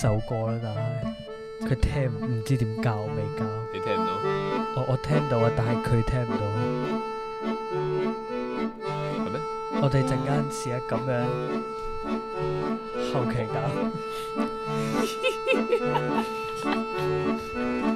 首歌啦，但係佢聽唔知點教，未教。你聽唔到？我我聽到啊，但係佢聽唔到。係咩？我哋陣間試下咁樣後期教。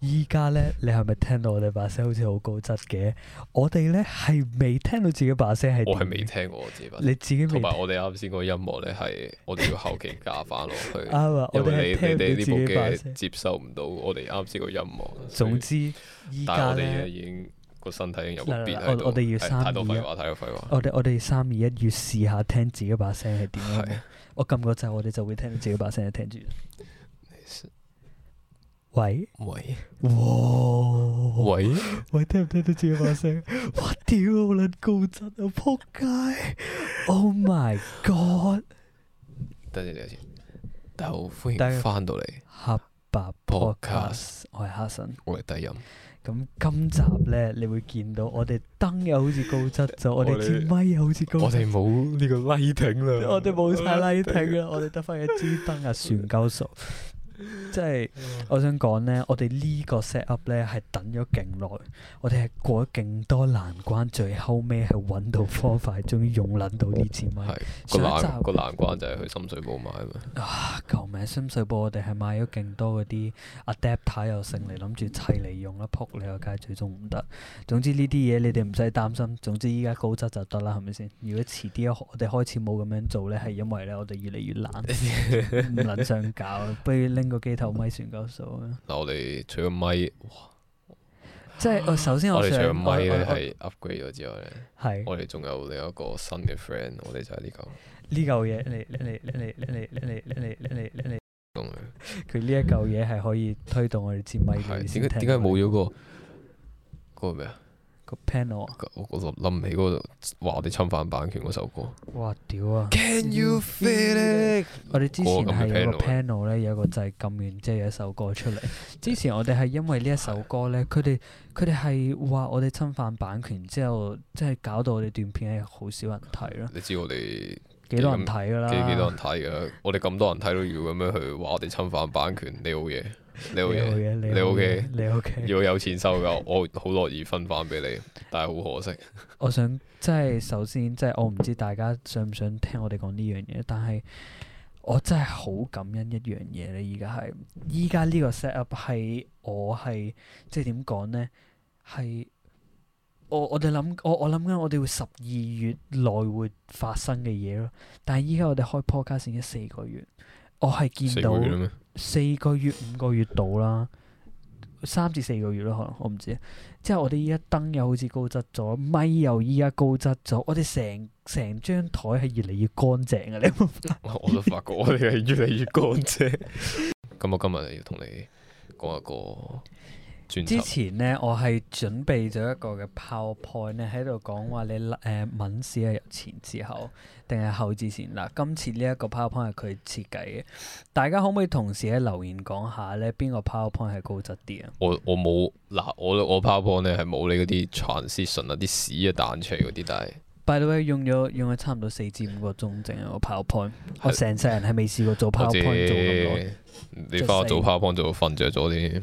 依家咧，你係咪聽到我哋把聲好似好高質嘅？我哋咧係未聽到自己把聲係，我係未聽過自己聲。你自己同埋我哋啱先個音樂咧係，我哋要後期加翻落去。啱啊！ 我哋聽唔到接受唔到我哋啱先個音樂。總之呢，依家咧已經個身體已經有別喺度。太多廢話，太多廢話。我哋我哋三二一，要試下聽自己把聲係點樣是我。我㩒陣我哋就會聽到自己把聲聽住。喂喂，哇喂喂，聽唔聽到自己把聲？我屌，好撚高質啊！仆街，Oh my God！得先得先，大家好，歡迎翻到嚟黑白 Podcast，我係哈臣，我係低音。咁今集咧，你會見到我哋燈又好似高質，咗我哋支咪又好似高，我哋冇呢個 lighting 啦，我哋冇晒 lighting 啦，我哋得翻一支燈啊，船鳩數。即係、嗯、我想講呢，我哋呢個 set up 呢係等咗勁耐，我哋係過咗勁多難關，最後尾係揾到方法，終於用捻到呢支咪。 個難冷 個難關就係去深水埗買啊！救命，深水埗我哋係買咗勁多嗰啲 adapt，睇又剩嚟諗住砌嚟用啦，扑你又梗係最終唔得。總之呢啲嘢你哋唔使擔心。總之依家高質就得啦，係咪先？如果遲啲我哋開始冇咁樣做呢，係因為呢，我哋越嚟越懶，唔撚想搞，個機頭咪算夠數啊！嗱，我哋除咗咪， 即係我、哦、首先我哋除咗咪咧係 upgrade 咗之後咧，係、啊啊、我哋仲有另一個新嘅 friend，的我哋就係呢嚿呢嚿嘢，你你你你你你你你你你，佢呢一嚿嘢係可以推動我哋接咪嘅，點解點解冇咗個、嗰個咩啊？個 The panel 啊！我、那個、我諗唔起嗰個話我哋侵犯版權嗰首歌。哇！屌啊！Can you feel it？我哋之前係有個 panel 咧， 有個掣撳完之後有一首歌出嚟。之前我哋係因為呢一首歌咧，佢哋佢哋係話我哋侵犯版權之後，即、就、係、是、搞到我哋段片係好少人睇咯。你知我哋幾多人睇㗎啦？幾多人睇㗎？我哋咁多人睇都要咁樣去話我哋侵犯版權，你好嘢！你好嘢，你 O K，你 O K，如果有錢收嘅， 我好樂意分翻俾你，但係好可惜。 我想即係首先，即係我唔知大家想唔想聽我哋講呢樣嘢，但係我真係好感恩一樣嘢咧，而家係，依家呢個 set up 係我係，即係點講呢？係我我哋諗，我我諗緊我哋會十二月內會發生嘅嘢咯，但係依家我哋開 podcast 已經四個月，我係見到。四個月五個月到啦，三至四個月啦。可能我唔知。之後我哋依家燈又好似高質咗，咪又依家高質咗，我哋成成張台係越嚟越乾淨啊！你有冇發覺？ 我都發覺我哋係越嚟越乾淨。咁 我今日要同你講一個。轉之前呢，我係準備咗一個嘅 PowerPoint 咧，喺度講話你誒，問世係由前至後，定係後至前嗱？今次呢一個 PowerPoint 係佢設計嘅，大家可唔可以同時喺留言講下咧，邊個 PowerPoint 係高質啲啊？我我冇嗱，我我 PowerPoint 係冇你嗰啲 transition 啊，啲屎啊彈出嗰啲，但係 By the way，用咗用咗差唔多四至五個鐘的，淨係個 PowerPoint，我成世人係未試過做 PowerPoint 做咁耐。你翻去做 PowerPoint 就瞓着 咗啲。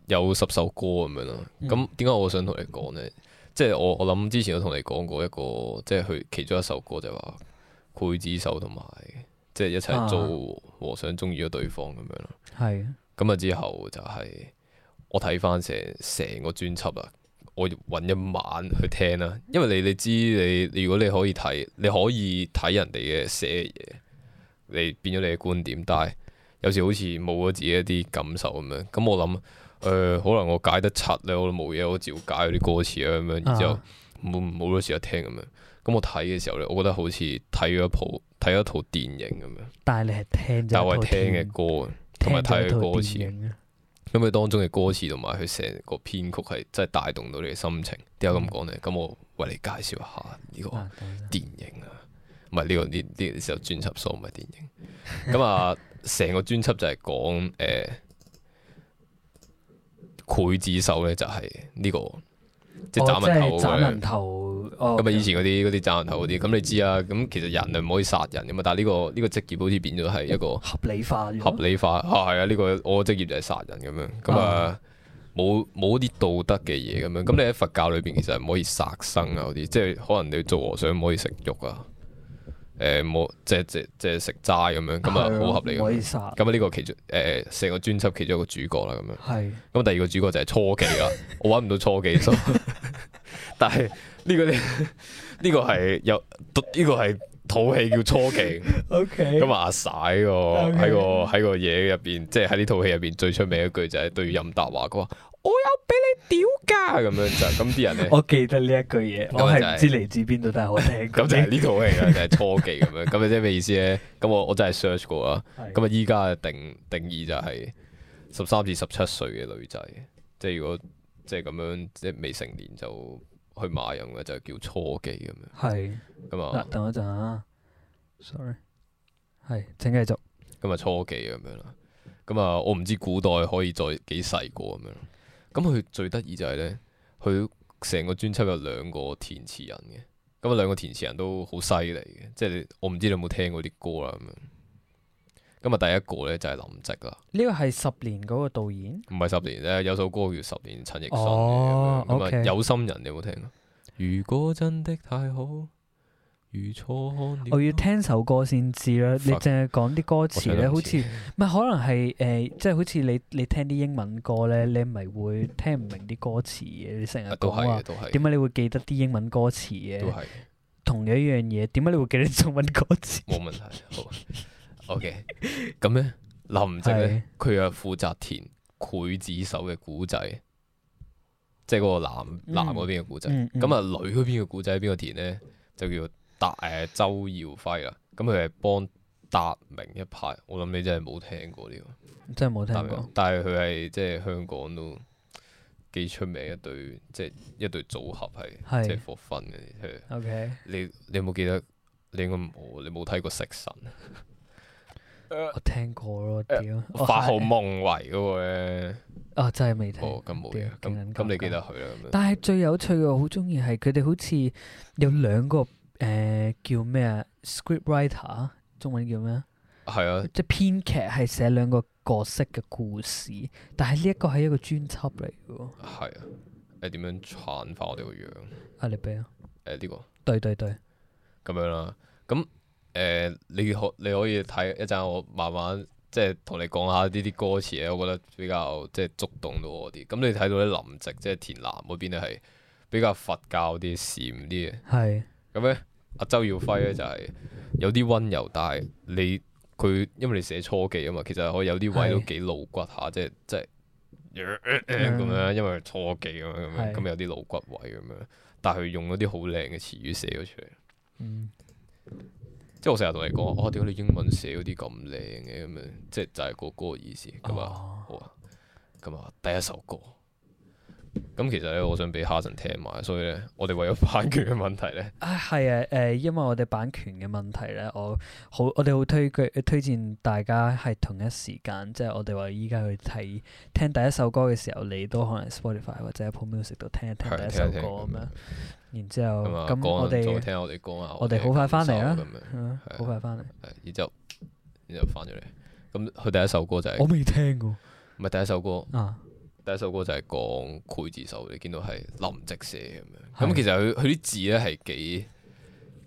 有十首歌咁樣咯，咁點解我想同你講呢？嗯、即係我我諗之前有同你講過一個，即係佢其中一首歌就話劊子手同埋，即係一齊做和尚，中意咗對方咁、啊、樣咯。係的，咁啊之後就係我睇翻成成個專輯啦，我揾一晚去聽啦，因為你你知你，你如果你可以睇，你可以睇人哋嘅寫嘢，你變咗你嘅觀點，但係有時好似冇咗自己一啲感受咁樣。咁我諗。誒、呃，可能我解得七咧，我都冇嘢，我照解啲歌詞啊咁樣，然之後冇冇多時間聽咁樣。咁我睇嘅時候咧，我覺得好似睇咗部睇咗套電影咁樣。但係你係聽但套，我係聽嘅歌，同埋睇佢歌詞，咁佢當中嘅歌詞同埋佢成個編曲係真係帶動到你嘅心情。點解咁講呢？咁、嗯、我為你介紹一下呢個電影啊，唔係呢個呢呢首專輯所，唔係電影。咁啊，成個專輯就係講誒。呃劊子手咧就係呢、這個，即斬人頭、哦、頭。咁、哦嗯、啊，以前嗰啲嗰啲斬人頭嗰啲，咁你知啊。咁其實人係唔可以殺人噶嘛，但係、這、呢個呢、這個職業好似變咗係一個合理化，合理化啊係啊。呢、啊啊這個我職業就係殺人咁樣，咁啊冇冇啲道德嘅嘢咁樣。咁你喺佛教裏邊其實唔可以殺生啊，嗰啲即係可能你做和尚唔可以食肉啊。誒，冇、呃、即係即係食齋咁樣，咁啊好合理嘅。唔可以殺。咁啊呢個其中誒成、呃、個專輯其中一個主角啦，咁樣。係的。咁第二個主角就係雛妓啦， 我揾唔到雛妓，數。 但係呢、這個呢呢、這個係有，呢、這個係。套戲叫《雛妓》，咁啊阿曬喎，喺個喺個嘢入邊，即係喺呢套戲入邊最出名一句就係對任達華講：我有俾你屌㗎，咁樣就咁啲人咧。我記得呢一句嘢，我係唔知嚟自邊度，但係我聽過。咁就係呢套戲，就係《雛妓》咁樣。咁啊，即係咩意思咧？咁我我真係 search 過啊。咁啊，依家定定義就係十三至十七歲嘅女仔，即係如果即係咁樣，即係未成年就。去罵人嘅就叫雛妓咁樣，係咁啊。等一陣啊，sorry，係，請繼續。咁啊，雛妓咁樣啦。咁啊，我唔知古代可以再幾細個咁樣。咁、嗯、佢、嗯、最得意就係咧，佢成個專輯有兩個填詞人嘅。咁、嗯、啊，兩個填詞人都好犀利嘅，即係我唔知你有冇聽過啲歌啦咁樣。嗯今日第一個咧，就係林夕啦，呢個係十年嗰個導演，唔係十年咧，有首歌叫《十年》，陳奕迅，咁啊有心人你有冇聽？如果真的太好，如錯看？我要聽首歌先知啦，你淨係講啲歌詞咧，好似唔係可能係誒，即係好似你你聽啲英文歌咧，你唔係會聽唔明啲歌詞嘅，你成日都啊，點解你會記得啲英文歌詞嘅？都係，同樣一樣嘢，點解你會記得中文歌詞？冇問題，O.K. 咁 咧，林夕咧，佢又負責填《劊子手》嘅古仔，即係嗰個男男嗰邊嘅古仔。咁啊、嗯，那女嗰邊嘅古仔邊個填咧？就叫達誒、呃、周耀輝啦。咁佢係幫達明一派。我諗你真係冇聽過呢、這個，真係冇聽過。但係佢係即係香港都幾出名一對，即係一對組合係，是即係霍芬嘅。O.K. 你你，你，你有冇記得？你應該冇，你冇睇過《食神》。 啊、我聽過咯，屌、啊！嗯、發號夢為嘅喎咧，啊、真哦，就係未聽過。咁冇嘅，咁、啊、你記得佢啦。但係最有趣嘅，我好中意係佢哋好似有兩個誒、呃、叫咩啊？Scriptwriter 中文叫咩啊？係啊，即係編劇係寫兩個角色嘅故事，但係呢一個係一個專輯嚟嘅喎。係啊，係點、啊呃、樣醜化我哋個樣？阿力比啊，誒呢、啊這個。對對對，對，咁樣啦，咁、嗯。嗯誒、呃，你可你可以睇一陣，我慢慢即係同你講下呢啲歌詞咧，我覺得比較即係觸動到我啲。咁你睇到啲林夕，即係田南嗰邊咧係比較佛教啲、禪啲嘅。咁呢是，阿周耀輝呢就係、是、有啲溫柔，但係你佢因為你寫雛妓啊嘛，其實可以有啲位都幾露骨下，即係即係咁樣，因為雛妓咁樣，咁有啲露骨位咁樣，但係佢用咗啲好靚嘅詞語寫咗出嚟。嗯即係我成日同你講，哦、嗯，點解、啊、你英文寫嗰啲咁靚嘅咁樣？即係就係個歌嘅意思咁啊，好啊！咁啊，第一首歌。咁其實咧，我想俾哈 a z 聽埋，所以咧，我哋為咗版權嘅問題咧，啊係啊，誒、啊呃，因為我哋版權嘅問題咧，我好，我哋好推劇，推薦大家係同一時間，即、就、係、是、我哋話依家去睇聽第一首歌嘅時候，你都可能 Spotify 或者喺 p p l Music 度聽一聽第一首歌咁樣，然之後咁我哋聽我哋歌啊，我哋好快翻嚟啊，好快翻嚟，然之後，然之後翻咗嚟，咁佢第一首歌就係、是、我未聽過，唔係第一首歌啊。第一首歌就係講劊子手，你見到係林夕寫咁樣。咁的其實佢佢啲字咧係幾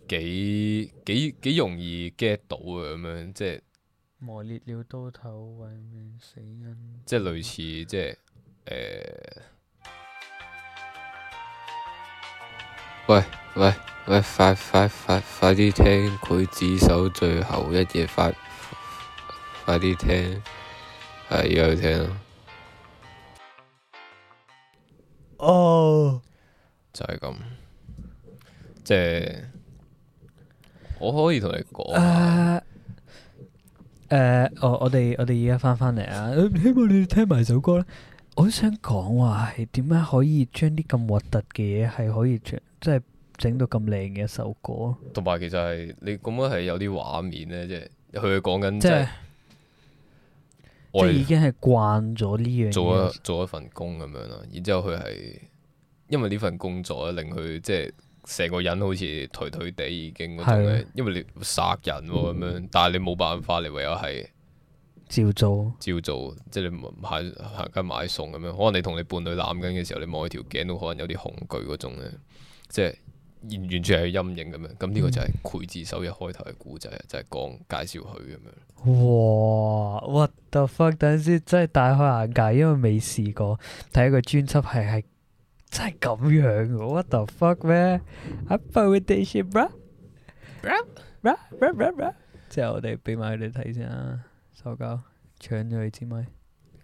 幾幾，幾容易 get 到嘅咁樣，即係磨裂了刀頭為免死因。即係類似對即係誒、呃。 喂喂喂！快快快快啲聽劊子手最後一夜快快啲聽係而家去聽囉！哦、oh,，就係、是、咁，即係我可以同你講，誒、uh, uh,，我我哋我哋而家翻翻嚟啊，希望你聽埋首歌咧，我想講話係點解可以將啲咁核突嘅嘢，係可以將即係整到咁靚嘅一首歌，同埋其實係你咁樣係有啲畫面咧，即係佢係講緊即係。就是即係已經係慣咗呢樣嘢。做一做一份工咁樣咯，然之後佢係因為呢份工作啊，令佢即係成個人好似頹頹地已經嗰種嘅。的因為你殺人喎、啊、咁、嗯、樣，但係你冇辦法，你唯有係照做。照做，即係你唔係行行街買餸咁樣。可能你同你伴侶攬緊嘅時候，你望佢條頸都可能有啲恐懼嗰種咧，即係。完全係陰影咁樣，咁呢個就係《劊子手》一開頭嘅故仔，就係講介紹佢咁樣。哇！What the fuck？等陣先，真係大開眼界，因為未試過睇一個專輯係係真係咁樣嘅。What the fuck 咩？I believe i o u bra, bra, bra，我哋俾埋佢哋睇先啊，手交搶咗佢支咪？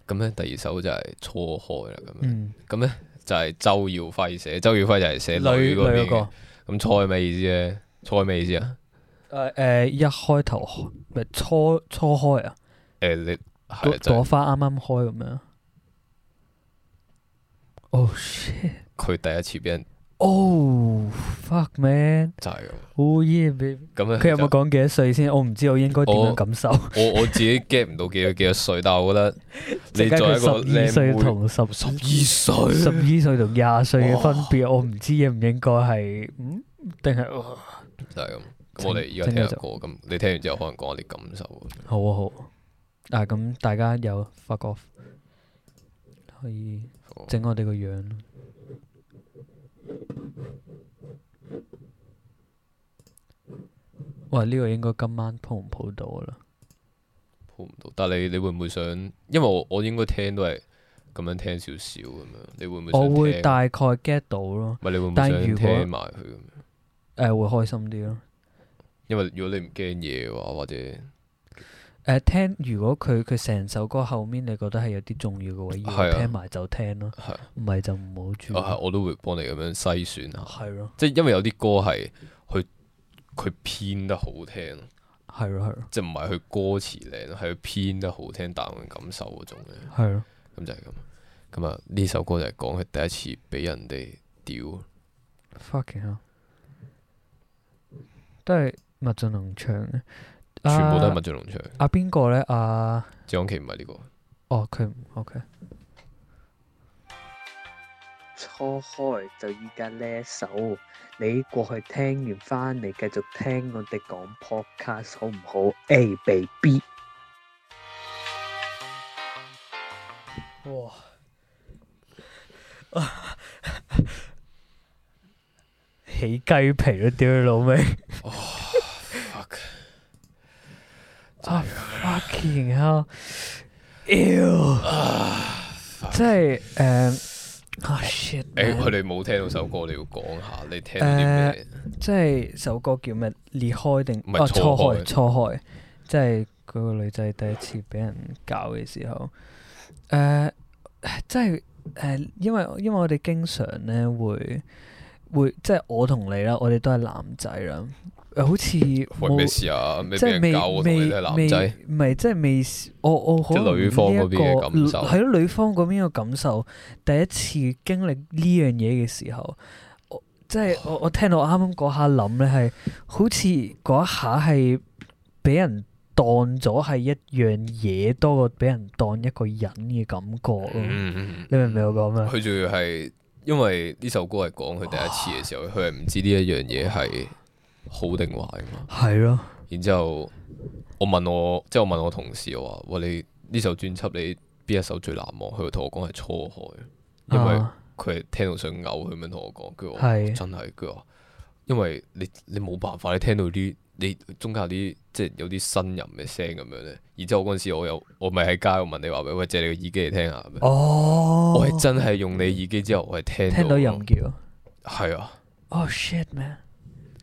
咁咧第二首就係初開啦，咁樣。咁咧就係周耀輝寫，周耀輝就係寫女嗰咁初係咩意思啫？初係咩意思啊？誒、嗯、誒，一開頭唔係初初開啊？誒，你朵花啱啱開咁樣佢、oh shit, 第一次俾人。哦、oh, fuck man！就係咁。咁、oh、yeah ,樣佢有冇講幾多歲先？我唔知我應該點樣感受。我我自己 get 唔到幾多幾多歲， 但係我覺得你再十二歲同十十二歲、十二歲同廿歲嘅分別，我唔知應唔應該係嗯定係就係咁。我哋依家聽一個咁，你聽完之後可能講我哋感受好、啊。好啊好。啊。咁大家有發覺可以整我哋個樣。喂，呢、這個應該今晚鋪唔鋪到啦？鋪唔到，但係你你會唔會想？因為我我應該聽都係咁樣聽少少咁樣，你會唔會？我會大概 get 到咯。唔係你會唔會想聽埋佢咁？誒、呃，會開心啲咯。因為如果你唔驚嘢嘅話，或者誒、呃、聽，如果佢佢成首歌後面你覺得係有啲重要嘅話，要聽埋就聽咯。唔係、啊、就唔好注。啊、啊、哦，我都會幫你咁樣篩選下。係咯的，即係的因為有啲歌係去。佢編得好聽，係咯係咯，即係唔係佢歌詞靚咯，係佢編得好聽，但我感受嗰種嘅，係咯，咁就係咁。咁啊，呢首歌就係講佢第一次俾人哋屌。Fucking hell. 都係麥浚龍唱嘅，全部都係麥浚龍唱。阿邊個咧？阿謝安琪唔係呢、uh, 這個，哦、oh，佢唔 OK。初開就依家呢一首。你過去聽完返嚟，你繼續聽我哋講 podcast 好唔好？哎，被 B，哇，起雞皮都屌你老味！Fuck，I fucking hell，ew，即係誒。啊 shit 我哋冇聽到首歌，嗯、你要講下你聽啲咩？呃、即係首歌叫咩？裂開定唔係初開？初開。即係嗰個女仔第一次俾人搞嘅時候。誒、呃，即係誒、呃，因為因為我哋經常咧會會即係我同你啦，我哋都係男仔啦。好似冇即係未未未，唔係即係未。我我好、這個、即女方嗰邊嘅感受，係咯女，女方嗰邊嘅感受。第一次經歷呢樣嘢嘅時候，即係我我聽到啱啱嗰下諗咧，係好似嗰一下係俾人當咗係一樣嘢，多過俾人當一個人嘅感覺咯。嗯、你明唔明我講咩？佢仲要係因為呢首歌係講佢第一次嘅時候，佢係唔知呢一樣嘢係。好定壞嘛，係咯。然之後我問我，即係我問我同事，我話，喂，你呢首專輯你邊一首最難忘？佢同我講係《初開》，因為佢係聽到想嘔，佢咁樣同我講。佢話，係真係。佢話，因為你你冇辦法，你聽到啲你中間啲即係有啲呻吟嘅聲咁樣咧。然之後我嗰陣時我有我咪喺街度問你話，喂，借你個耳機嚟聽下。哦，我係真係用你耳機之後，我係聽到聽到人叫。係啊。Oh shit, man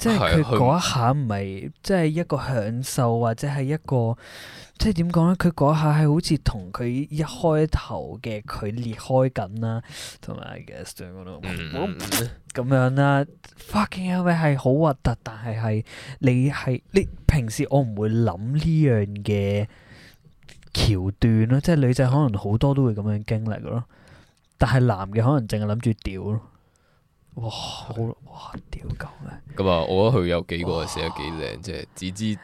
即係佢嗰一下唔係，即係一個享受或者係一個，即係點講咧？佢嗰下係好似同佢一開頭嘅距離開緊啦，同埋 I guess 嗰度，咁樣啦、啊。Fucking 係好核突？但係係你係你平時我唔會諗呢樣嘅橋段咯。即係女仔可能好多都會咁樣經歷咯，但係男嘅可能淨係諗住屌咯。哇好哇屌咁啊！咁啊，我覺得佢有幾個寫得幾靚哇，即係只知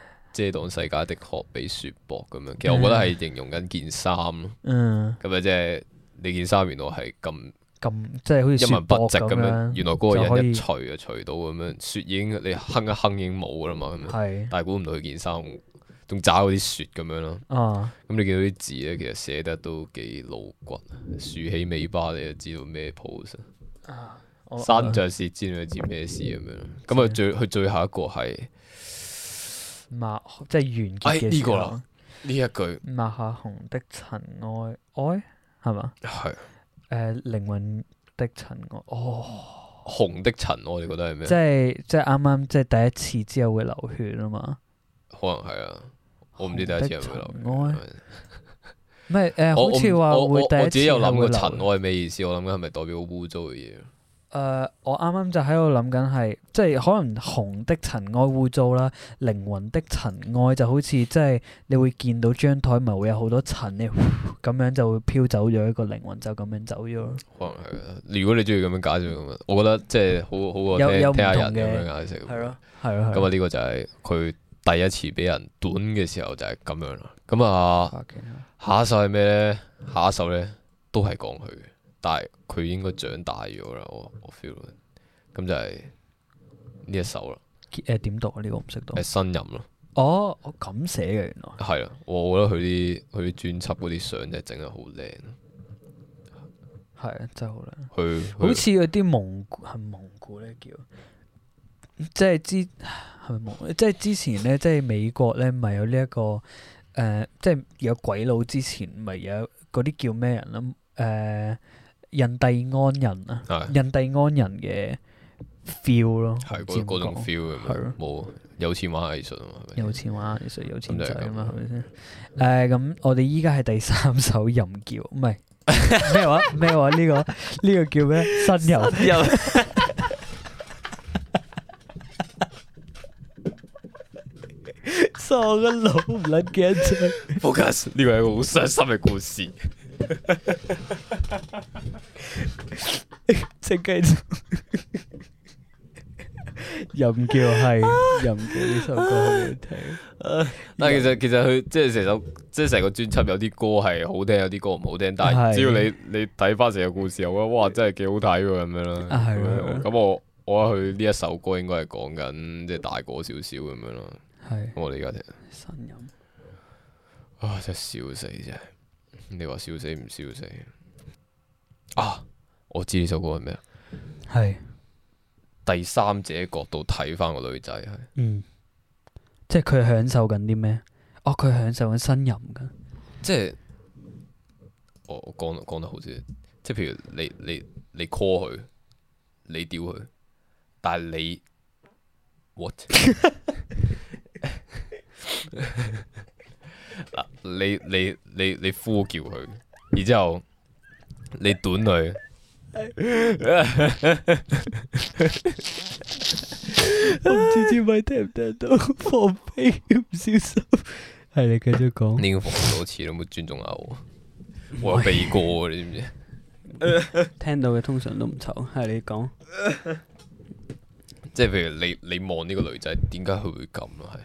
遮擋世界的殼比雪薄咁樣。其實我覺得係形容緊件衫咯。咁咪即係你件衫原來係咁咁，即係好似一文不值咁樣。原來嗰個人一除啊，除到咁樣，雪已經你哼一哼已經冇㗎啦嘛咁是樣。但係估唔到佢件衫仲渣過啲雪咁樣咯。咁你見到啲字咧，其實寫得都幾露骨，豎起尾巴，你就知道咩 pose 山像舌尖去接咩事咁樣，咁佢最去最後一個係抹即係完結嘅時候。呢個啦，呢一句。抹下紅的塵埃，埃係嘛？係。誒，靈魂的塵埃。哦。紅的塵埃，你覺得係咩？即係即係啱啱即係第一次之後會流血啊嘛？可能係啊。我唔知第一次係咪流血。唔係誒，好似話會第一次咁流。我自己有諗過塵埃咩意思，我諗緊係咪代表污糟嘅嘢？誒，uh, 我啱啱就喺度諗緊係，即係可能紅的塵埃污糟啦，靈魂的塵埃就好似即係你會見到張台咪會有好多塵，咁樣就會飄走咗一個靈魂就咁樣走咗咯。可能係啊，如果你中意咁樣解釋嘅，我覺得即係好好過聽下、嗯、人咁樣解釋。係咯，係咯。咁啊，呢個就係佢第一次俾人短嘅時候就係咁樣啦。咁啊，下一首係咩咧？下一首咧都係講佢嘅。但係佢應該長大咗啦，我我 feel，咁就係呢一首啦。誒點讀啊？呢個唔識讀。這個、讀呻吟咯。哦，我咁寫嘅原來。係啊，我覺得佢啲佢啲專輯嗰啲相真係整得好靚。係啊、嗯， 真係好靚。佢好似嗰啲蒙古係蒙古呢叫，即係之係咪蒙古？即係之前呢，即係美國呢咪有呢、這、一個誒、呃，即係有鬼佬之前咪有嗰啲叫咩人啦？誒、呃。印第安人啊，印第安人嘅 feel 咯，係嗰嗰種 feel，係咯，冇啊，有錢玩藝術啊嘛，有錢玩藝術有錢仔啊嘛，係咪先？誒咁，我哋依家係第三首呻吟叫，唔係咩話咩話？呢個呢個叫咩？呻吟呻吟，所以我個腦唔撚記得，呢個係好傷心嘅故事。即係任叫係，任叫呢首歌好聽。但其實其實佢即係成首，即係成個專輯有啲歌係好聽，有啲歌唔好聽。但係只要你的你睇翻成個故事，我覺得哇，真係幾好睇咁樣咯。咁的的我我覺得佢呢一首歌應該係講緊即係大個少少咁樣咯。係的我哋而家聽。呻吟啊！真係笑死真係。你話笑死唔笑死啊！我知呢首歌係咩啊？係是第三者角度睇翻個女仔係、嗯，即係佢享受緊啲咩？哦，佢享受緊呻吟㗎，即係我講得講得好啲，即係譬如你你你，你 call 佢，你屌佢，但係你 what？ 嗱，你你你你呼叫佢，然之後你短佢 我唔知知咪聽唔聽到？放屁要唔小心？係 你繼續講。你應該放多次，都冇尊重下我？我有避過，你知唔知？ 聽到嘅通常都唔醜，係你講。即係譬如你你望呢個女仔，點解佢會咁啊？係。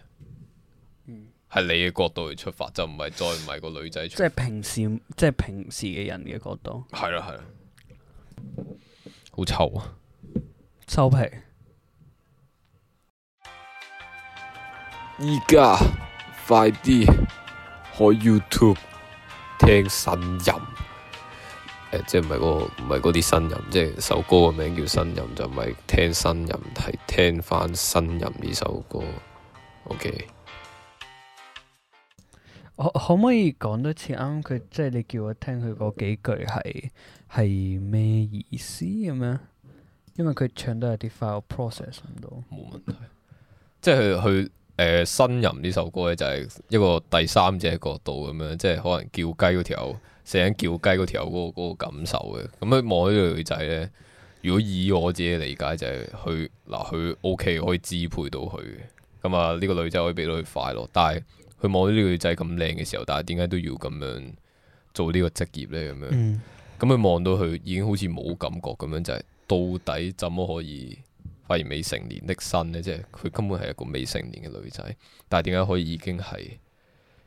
係你嘅角度嚟出發，就唔係再唔係個女仔出發。即係平時，即係平時嘅人嘅角度。係啦，係啦，好臭啊！收皮。依家快啲開 YouTube 聽呻吟。呃，即係唔係個唔係嗰啲呻吟，即係首歌嘅名叫呻吟，就唔係聽呻吟，係聽翻呻吟呢首歌。OK。可可唔可以講多次啱啱佢，即係你叫我聽佢嗰幾句係係咩意思咁樣？因為佢唱得係 defile process 唔到。冇問題， 即係佢佢誒，呻吟呢首歌咧就係一個第三者角度咁樣，即係可能叫雞嗰條，成日叫雞嗰條嗰個嗰個嗰個感受嘅。咁咧望呢個女仔咧，如果以我自己理解就係，佢嗱佢 OK 可以支配到佢嘅，咁啊呢個女仔可以俾到佢快樂，但係。佢望到呢個女仔咁靚嘅時候，但係點解都要咁樣做呢個職業呢？咁樣，咁佢望到佢已經好似冇感覺咁樣，就係、是、到底怎麼可以發現未成年的心呢？即係佢根本係一個未成年嘅女仔，但係點解可以已經係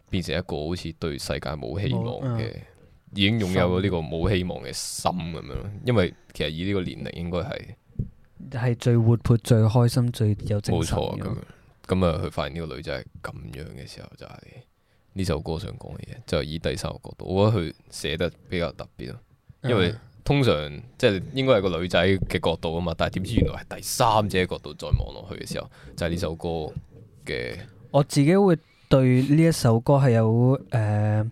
變成一個好似對世界冇希望嘅，啊、已經擁有咗呢個冇希望嘅心咁樣？嗯、心因為其實以呢個年齡應該係係最活潑、最開心、最有精神。咁啊，佢發現呢個女仔係咁樣嘅時候，就係呢首歌想講嘅嘢，就係以第三個角度，我覺得佢寫得比較特別咯。因為通常即係應該係個女仔嘅角度啊嘛，但係點知原來係第三者角度再望落去嘅時候，就係呢首歌嘅。我自己會對呢一首歌係有誒。呃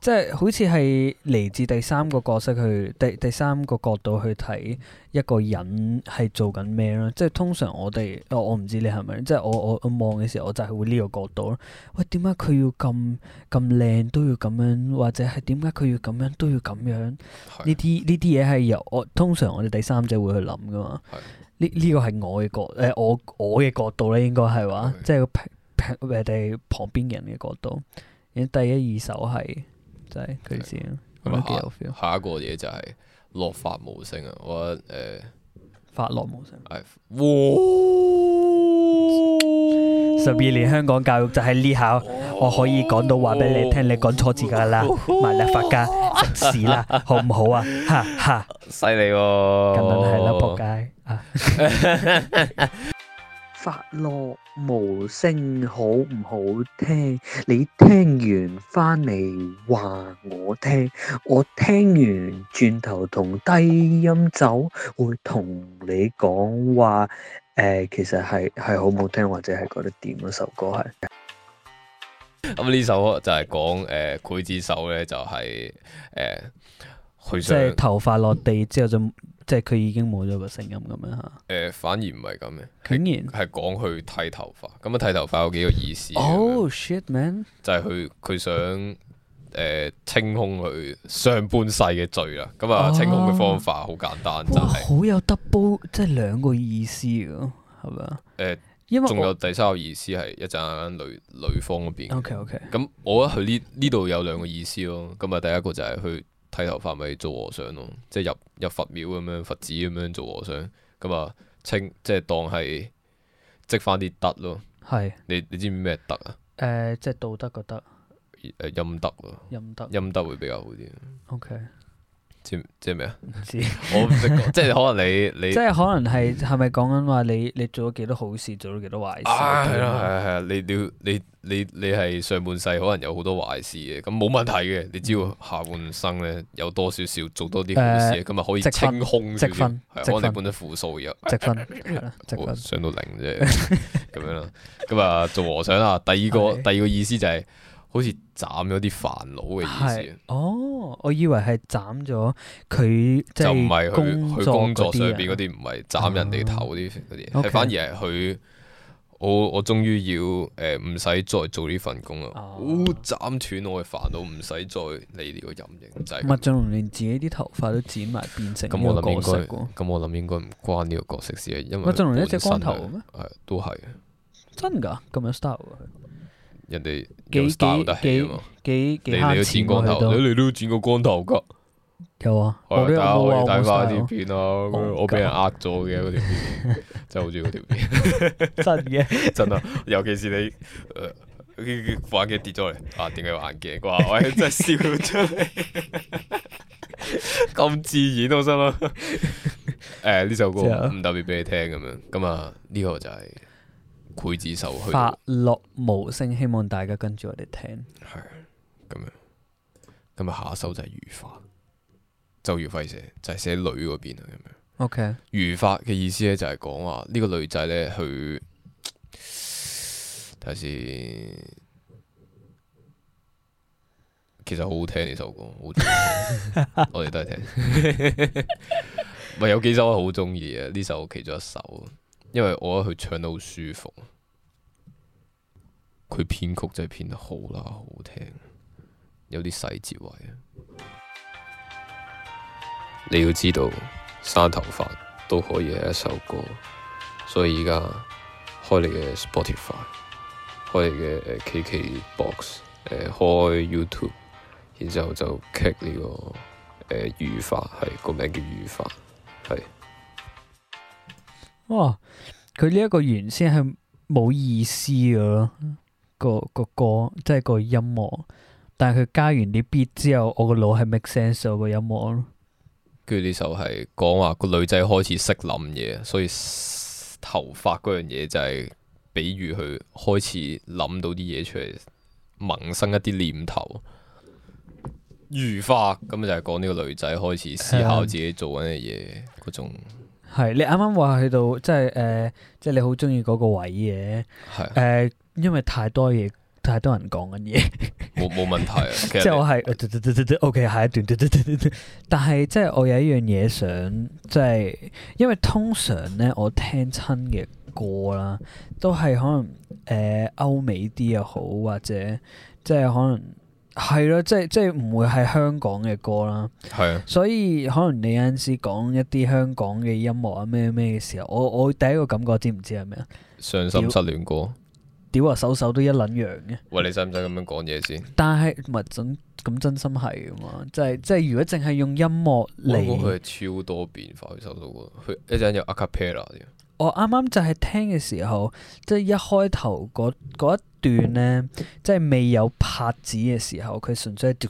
即係好似係嚟自第三個角色去第第三個角度，去睇一個人係做緊咩咯。即係通常我哋，哦，我唔知你係咪，即係我我望嘅時候，我就係會呢個角度咯。喂，點解佢要咁咁靚都要咁樣，或者係點解佢要咁樣都要咁樣？呢啲呢啲嘢係由我通常我哋第三者會去諗噶嘛？呢呢個係我嘅角，誒，我我嘅角度咧應該係話，即係平平哋旁邊人嘅角度。第一第二首係。就係佢先，咁樣幾有 feel。下一個嘢就係落髮無聲啊！我誒，髮落無聲。係，哇！十二年香港教育就喺呢下，我可以講到話俾你聽，你講錯字㗎啦，埋你發家，事啦，好唔好啊？哈哈，犀利喎！係啦，仆街髮落無聲好唔好聽？你聽完翻嚟話我聽，我聽完轉頭同低音走會同你講話。誒、呃，其實係係好唔好聽，或者係覺得點、啊、首歌係？咁呢首就係講誒，劊子手咧就係、是、誒、呃、即係頭髮落地之後就。即係佢已經冇咗個聲音咁樣吓，誒、呃，反而唔係咁嘅，竟然係講去剃頭髮，咁啊剃頭髮有幾個意思哦、oh, shit man！就係佢佢想誒、呃、清空佢上半世嘅罪啦，咁啊清空嘅方法好簡單，oh, 真係好有 double，即係兩個意思咯，係咪啊？誒、呃，因為仲有第三個意思係一陣女女方嗰邊。OK OK，咁我覺得佢呢呢度有兩個意思咯，咁啊第一個就係去。剃頭髮咪做和尚咯，即係入入佛廟咁樣，佛寺咁樣做和尚，咁啊清即係當係積翻啲德咯。係你你知唔知咩德啊？誒，即係道德嘅德，誒陰德咯。陰德陰德會比較好啲。OK。知知咩啊？我唔識講，即係可能你你，即係可能係係咪講緊話你你做咗幾多好事，做咗幾多壞事？係係係，啊。你你你你係上半世可能有好多壞事嘅，咁冇問題嘅。你只要下半生咧有多少少做多啲好事，咁啊可以清空積分，係你本身負數而，積分，積分上到零啫，咁樣囉。咁啊做和尚啊，第二個第二個意思就係。好似斬咗啲煩惱嘅意思哦，我以為係斬咗佢，即就唔係去去工作上邊嗰啲，唔係斬人哋頭啲嗰啲，哦、反而係佢。我我終於要誒唔使再做呢份工啦！哦，好斬斷我嘅煩惱，唔使再理呢個陰影。仔、就是。係麥浚龍，連自己啲頭髮都剪埋，變成咁我諗應該，咁我諗應該唔關呢個角色事啊！麥麥因為麥浚龍一隻光頭咩？都係，真噶咁樣 style。人哋又戴得起，你你都剪光頭，你你都剪個光頭噶，有啊，大家可以睇返啲片囉。我俾人呃咗嘅嗰條片，真係好中意嗰條片，真嘅真啊！尤其是你，眼鏡跌咗嚟，啊，點解有眼鏡？哇！真係笑出嚟，咁自然都得啦。誒，呢首歌唔特別俾你聽咁樣，咁啊，呢個就係。劊子手去，髮落無聲，希望大家跟住我哋聽。係咁樣，咁啊下首就係《如髮》，周耀輝寫，就係、是、寫女嗰邊啊咁樣。O K，《如髮》嘅意思咧就係講話呢個女仔咧去，睇下先。其實好好聽呢首歌，好聽我哋都係聽。咪 有幾首我好中意啊！呢首其中一首。因為我覺得佢唱得好舒服，佢編曲真係編得好啦，好聽，有啲細節位。 你要知道，生頭髮都可以係一首歌，所以而家開你嘅 Spotify，開你嘅 KK Box，誒開 YouTube，然之後就 cut 呢、這個誒如髮，係、呃、個名叫如髮，係。哇！佢呢一個原先係冇意思嘅咯，個個歌即係個音樂，但係佢加完啲 beat 之後，我個腦係 make sense 咗個音樂咯。跟住呢首係講話個女仔開始識諗嘢，所以頭髮嗰樣嘢就係比喻佢開始諗到啲嘢出嚟，萌生一啲念頭。如髮咁就係講呢個女仔開始思考自己做緊嘅嘢嗰種。係，你啱啱話去到即係誒，即係、呃、你好中意嗰個位嘅，誒係、呃，因為太多嘢，太多人講緊嘢，冇冇問題啊！ 即係我係，O.K. 下一段， 但係即係我有一樣嘢想，即係因為通常咧，我聽親嘅歌啦，都係可能誒歐美啲又好，或者即係可能。係咯，即係即係唔會係香港嘅歌啦。係啊的，所以可能你有陣時講一啲香港嘅音樂啊咩咩嘅時候，我我第一個感覺知唔知係咩啊？傷心失戀歌，屌啊！首首都一撚樣嘅。喂，你使唔使咁樣講嘢先？但係唔係真咁真心係噶嘛？就係，即係即係如果淨係用音樂嚟，我估佢係超多變化嘅首首歌，佢一陣有 a cappella，我啱啱就係聽嘅時候，即係一開頭嗰一。段呢，即係未有拍子嘅時候，佢純粹一啲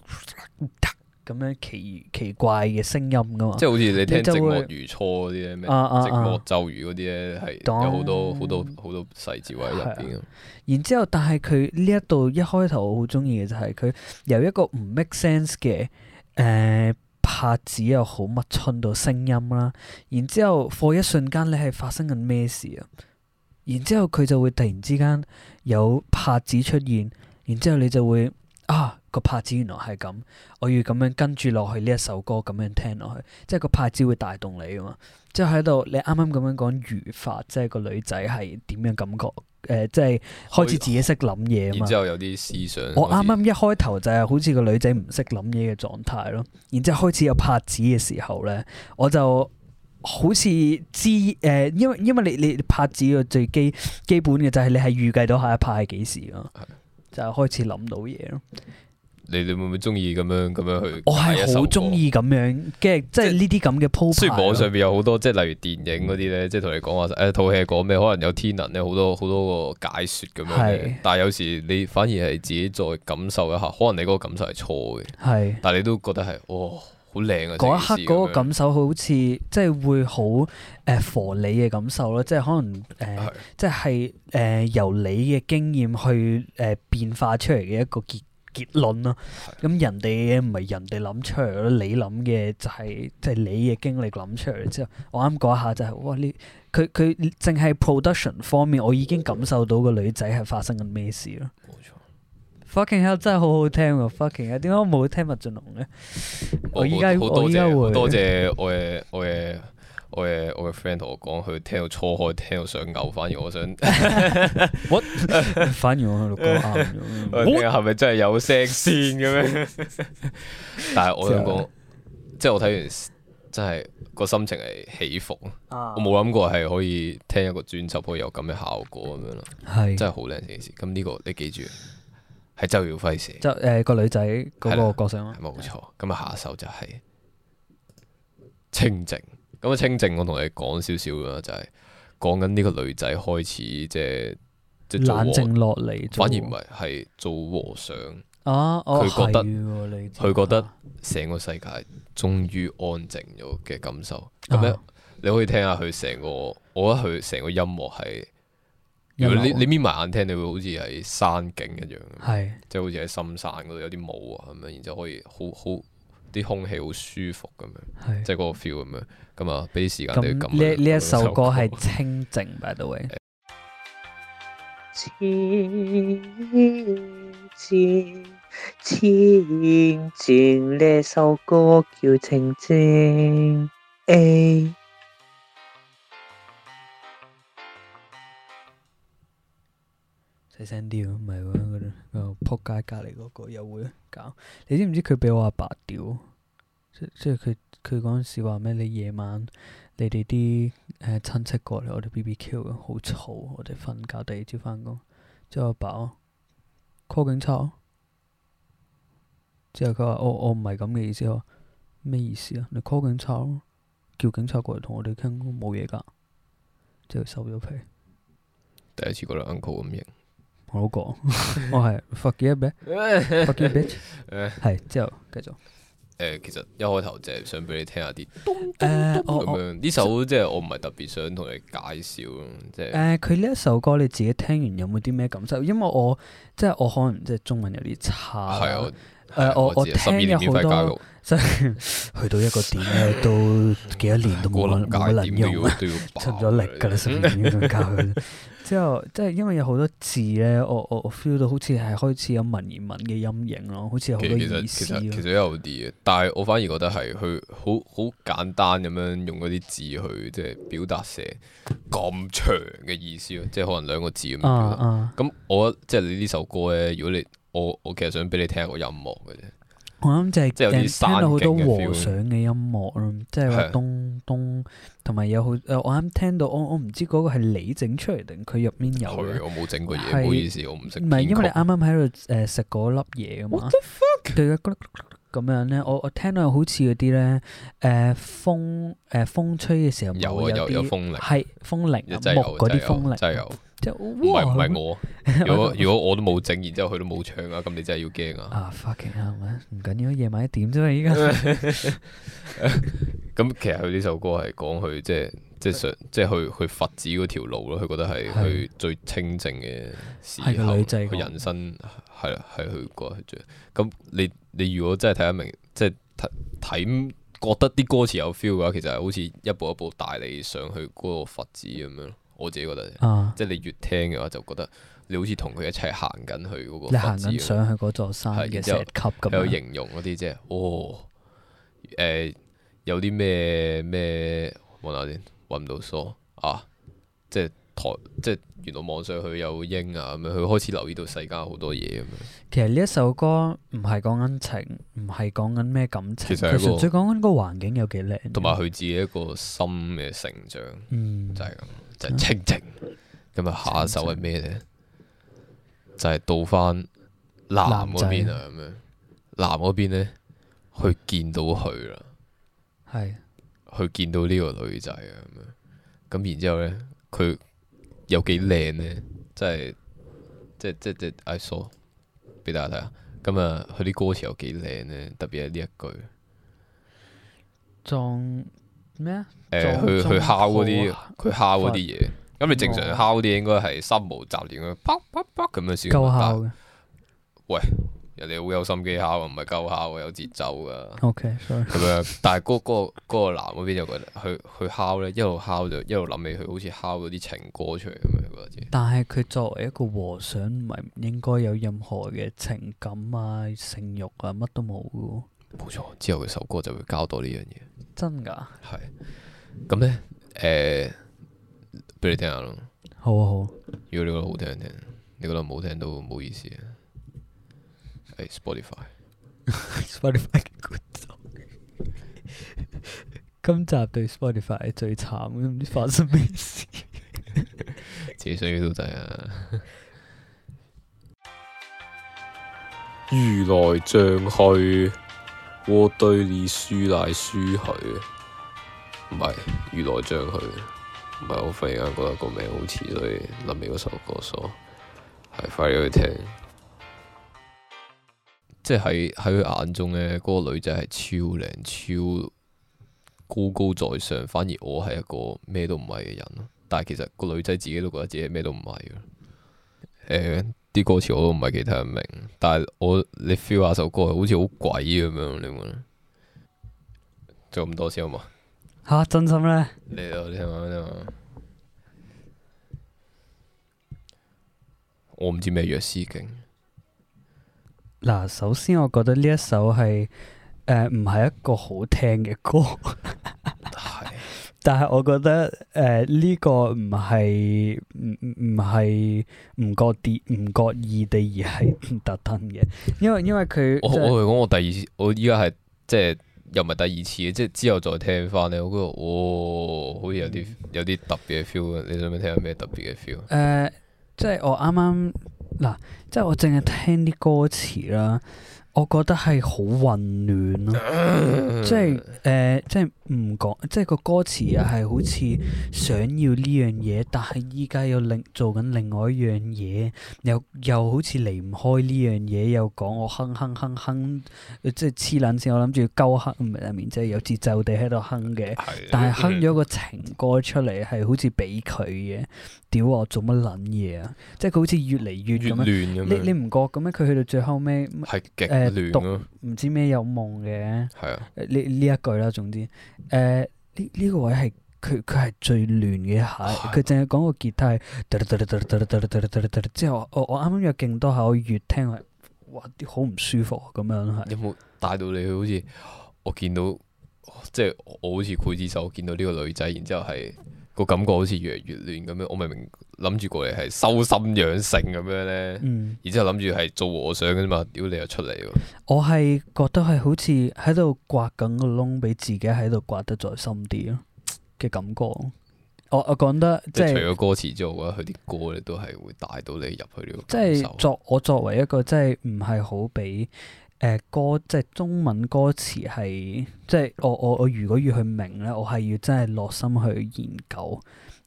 咁樣奇奇怪嘅聲音噶嘛。即係好似你聽寂寞如初嗰啲咧，咩寂寞咒語嗰啲咧，係、嗯、有好多好多好多細節喺入邊。然之後，但係佢呢一度一開頭我好中意嘅就係佢由一個唔 make sense 嘅誒、呃、拍子又好乜春到聲音啦。然之後，喎，一瞬間你係發生緊咩事啊？然之後佢就會突然之間有拍子出現，然之後你就會啊，個拍子原來係咁，我要咁樣跟住落去呢一首歌咁樣聽落去，即係個拍子會帶動你㗎嘛。即係喺度，你啱啱咁樣講語法，即係個女仔係點樣感覺？誒、呃，即係開始自己識諗嘢啊嘛。然之後有啲思想。我啱啱一開頭就係好似個女仔唔識諗嘢嘅狀態咯，然之後開始有拍子嘅時候咧，我就。好似知誒，因為因為你你拍子個最基基本嘅就係你係預計到下一拍係幾時咯，是就係開始諗到嘢咯。你哋會唔會中意咁樣咁樣去？我係好中意咁樣，即係即係呢啲咁嘅鋪排。雖然網上邊有好多，即係例如電影嗰啲咧，嗯、即係同你講話，套戲係講咩？可能有天能咧，好多好多個解說咁樣。是但係有時你反而係自己再感受一下，可能你嗰個感受係錯嘅。是但係你都覺得係，哦。好嗰一刻嗰個感受好似即係會好誒符合你嘅感受咯，即係可能誒、uh, 是即係誒、uh, 由你嘅經驗去誒、uh, 變化出嚟嘅一個結結論咯。咁是人哋嘅嘢唔係人哋諗出嚟咯，你諗嘅就係即係你嘅經歷諗出嚟之後，我啱講下就係、是、哇你佢佢淨係 production 方面，我已經感受到個女仔係發生緊咩事咯。冇錯。Fucking hell 真係好好聽喎！Fucking，點解我冇聽麥浚龍咧？我依家,好多依家多謝我嘅我嘅我嘅我嘅 friend 同我講，佢聽到初開聽到想嘔，反而我想。 What? 反而我喺度講。 我係咪 真係有聲線咁樣？但係我想講，即係我睇完真係個心情係起伏。Uh. 我冇諗過係可以聽一個專輯可以有咁嘅效果咁樣咯。的真係好靚件事。咁呢、呢個你記住。係周耀輝寫，就誒個、呃、女仔嗰個角色咯，冇錯。咁啊，下首就係清靜。咁啊，清靜我同你講少少啦，就係講緊呢個女仔開始即係即係冷靜落嚟，反而唔係係做和尚啊！哦，係，佢覺得佢覺得成個世界終於安靜咗嘅感受。咁咧，啊、你可以聽下佢成個，我覺得佢成個音樂係。你你眯埋眼聽，你會好似係山景一樣，係是即係好似喺深山嗰度有啲霧啊，咁樣，然之後可以好好啲空氣好舒服咁是樣，即係嗰個 feel 咁樣，咁啊，俾啲時間你咁。呢呢一,一首歌係清靜吧？都 t、 uh. 清 e w a 呢首歌叫清靜。清啊大聲啲咯，唔係喎嗰啲，又仆街隔離嗰個、那個那個那個、又會搞。你知唔知佢俾我阿爸屌？即即係佢佢嗰陣時話咩？你夜晚你哋啲誒親戚過嚟，我哋 B B Q 嘅好吵，我哋瞓覺第二朝翻工。之後阿爸哦，call 警察之後佢話：我我唔係咁嘅意思呵，咩意思啊？你 call 警察，叫警察過嚟同我哋傾，冇嘢㗎。之後收咗皮。第一次覺得 uncle 咁型。我都講，我係 fuck you bitch 係之後繼續。誒，其實一開頭就係想俾你聽下啲誒，咁樣呢首即係我唔係特別想同你介紹即係誒，佢呢一首歌你自己聽完有冇啲咩感受？因為我即係我可能即係中文有啲差，係啊，誒，我我聽有好多，所以去到一個點咧，都幾多年都冇冇冇人用，出咗力噶啦，十年咁加去。之後，即係因為有好多字咧，我我我 feel 到好似係開始有文言文嘅陰影咯，好似有好多意思。其實其實其實有啲嘅，但係我反而覺得係佢好好簡單咁樣用嗰啲字去即係、就是、表達寫咁長嘅意思即係、就是、可能兩個字咁樣。咁、啊啊、我即係、就是、你呢首歌咧，如果你我我其實想俾你聽一個音樂嘅啫。我啱就係聽到好多和尚嘅音樂咯，即係話咚咚，同埋的有好誒，我啱聽到我我唔知嗰個係你整出嚟定佢入面有。佢、哎、我冇整過嘢，唔識是。唔係因為你啱啱喺度誒食嗰粒嘢啊嘛。What the fuck? 佢嘅嗰咁樣咧，我我聽到好似嗰啲咧誒風誒、呃、風吹嘅時候會有啲風力，係、哦、風鈴，風鈴木嗰啲風鈴。唔係唔係我， 如果如果我都冇整，然之後佢都冇唱啊，咁你真係要驚啊！唔緊要，夜晚一點啫嘛依家。咁其實佢呢首歌係講佢即係 即係上即係去去佛寺嗰條路咯，佢覺得係佢最清靜嘅時候，佢人生係啦係去過去最。咁你你如果真係睇得明，即係睇睇覺得啲歌詞有 feel 嘅話，其實係好似一步一步帶你上去嗰個佛寺咁樣。我自己覺得，啊、即係你越聽嘅話，就覺得你好似同佢一齊行緊去嗰個，你行緊上去嗰座山嘅石級咁樣。有形容嗰啲啫。哦，誒，有啲咩咩？望下先，揾唔到數啊！即係台，即係原來網上去有英啊咁樣，佢開始留意到世間好多嘢咁樣。其實呢一首歌唔係講緊情，唔係講緊咩感情，其實係講緊個環境有幾靚，同埋佢自己一個心嘅成長，嗯、就係咁。就係清靜，咁啊、嗯、下一首係咩咧？清靜就係到翻男嗰邊啊，咁仔樣男嗰邊咧去見到佢啦，係去見到呢個女仔啊，咁樣咁然之後咧佢有幾靚咧？即係即係即係即係 I saw 俾大家睇下，咁啊佢啲歌詞有幾靚咧？特別係呢一句裝。咩啊？誒，去去敲嗰啲，佢做敲嗰啲嘢。咁做你正常敲啲應該係心無雜念咁啊，啪啪啪咁樣笑夠效嘅。喂，人哋好有心機敲嘅，唔係夠敲，有節奏嘅。OK，sorry Okay。咁樣，但係嗰個嗰個男嗰邊就覺得，佢佢敲咧一路敲就一路諗起佢，好似敲咗啲情歌出嚟咁樣嗰啲。係咪？但係佢作為一個和尚，唔係應該有任何嘅情感啊、性慾啊，乜都冇嘅喎。冇錯，之後佢首歌就會交代呢樣嘢。真、欸、噶？係。咁咧，誒，俾你聽下咯。好啊，好。啊。如果你覺得好聽，聽；你覺得唔好聽都唔好意思啊、欸。Spotify。Spotify，good s Sp 今集對 Spotify 最慘，都唔知發生咩事。 自己想要都仔啊？ 如來像去。我對你輸嚟輸去，唔係如來將去。唔係我忽然間覺得個名好似，所以諗起嗰首歌，所以係快啲去聽。即係喺佢眼中呢，嗰個女仔係超靚超高高在上，反而我係一個咩都唔係嘅人。但係其實個女仔自己都覺得自己咩都唔係嘅。嗯啲歌詞我都唔係幾聽得明，但係我你 feel 下首歌好似好鬼咁樣，你會做咁多先好嘛？吓，真心咧？你到聽下先啊！我唔知咩藥師景。嗱，首先我覺得呢一首係誒唔係一個好聽嘅歌。 但係我覺得誒呢、呃這個唔係唔唔唔唔覺啲唔覺意地而係唔特登嘅，因為因為佢我即我講我，我第二次，我依家係即係又唔係第二次即係之後再聽翻你我覺得哦，好似有啲有啲特別嘅 feel 啊！你想唔想聽下咩特別嘅 feel？誒、呃，即係我啱啱嗱，即係我淨係聽啲歌詞啦。我覺得係好混亂咯，啊 呃，即係誒，即係唔講，即係個歌詞又係好似想要呢樣嘢，但係依家又另做緊另外一樣嘢，又又好似離唔開呢樣嘢，又講我哼哼哼哼，即係黐撚線，我諗住鳩哼入面，嗯，即係有節奏地喺度哼嘅，的但係哼咗個情歌出嚟係好似俾佢嘅，屌我做乜撚嘢啊？即係佢好似越嚟越，越亂咁樣，你你唔覺咁樣？佢去到最後尾。呃唔知咩有夢嘅，係啊，呢呢一句啦，總之，誒，呢呢個位係佢佢係最亂嘅下，佢淨係講個吉他，噠之後我我啱啱約勁多下，我越聽係，哇啲好唔舒服咁樣係。有冇帶到你去？好似我見到，即係我好似劊子手見到呢個女仔，然之後係。個感覺好似越嚟越亂咁樣，我明明諗住過嚟係修心養性咁樣咧，嗯，然之後諗住係做和尚嘅嘛，屌你又出嚟！我係覺得係好似喺度刮緊個窿，俾自己喺度刮得再深啲咯嘅感覺。我我講得即係即係除咗歌詞之外，我覺得佢啲歌咧都係會帶到你入去呢個感受。即係作我作為一個即係唔係好俾。誒、呃、歌即係中文歌詞係即係我我我如果要去明咧，我係要真係落心去研究，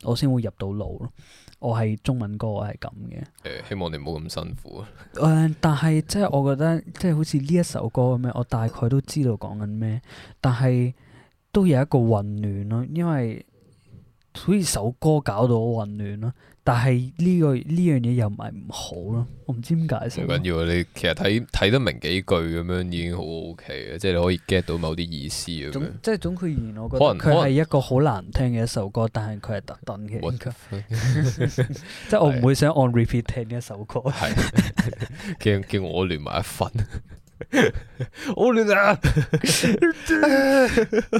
我先會入到腦咯。我係中文歌我，我係咁嘅。誒，希望你冇咁辛苦。誒、 呃，但係即係我覺得即係好似呢一首歌咁樣，我大概都知道講緊咩，但係都有一個混亂咯，因為好似首歌搞到好混亂咯。但係呢、這個呢樣嘢又唔係唔好咯，我唔知點解釋。唔緊要，你其實睇睇得明幾句咁樣已經好 OK 嘅，即係你可以 get 到某啲意思咁。即係總括而，就是，言，我覺得佢係能一個好難聽嘅一首歌，能但係佢係特登嘅。即係我唔會想 on repeat 聽呢一首歌。驚驚我連埋一份。我 哋亂啊，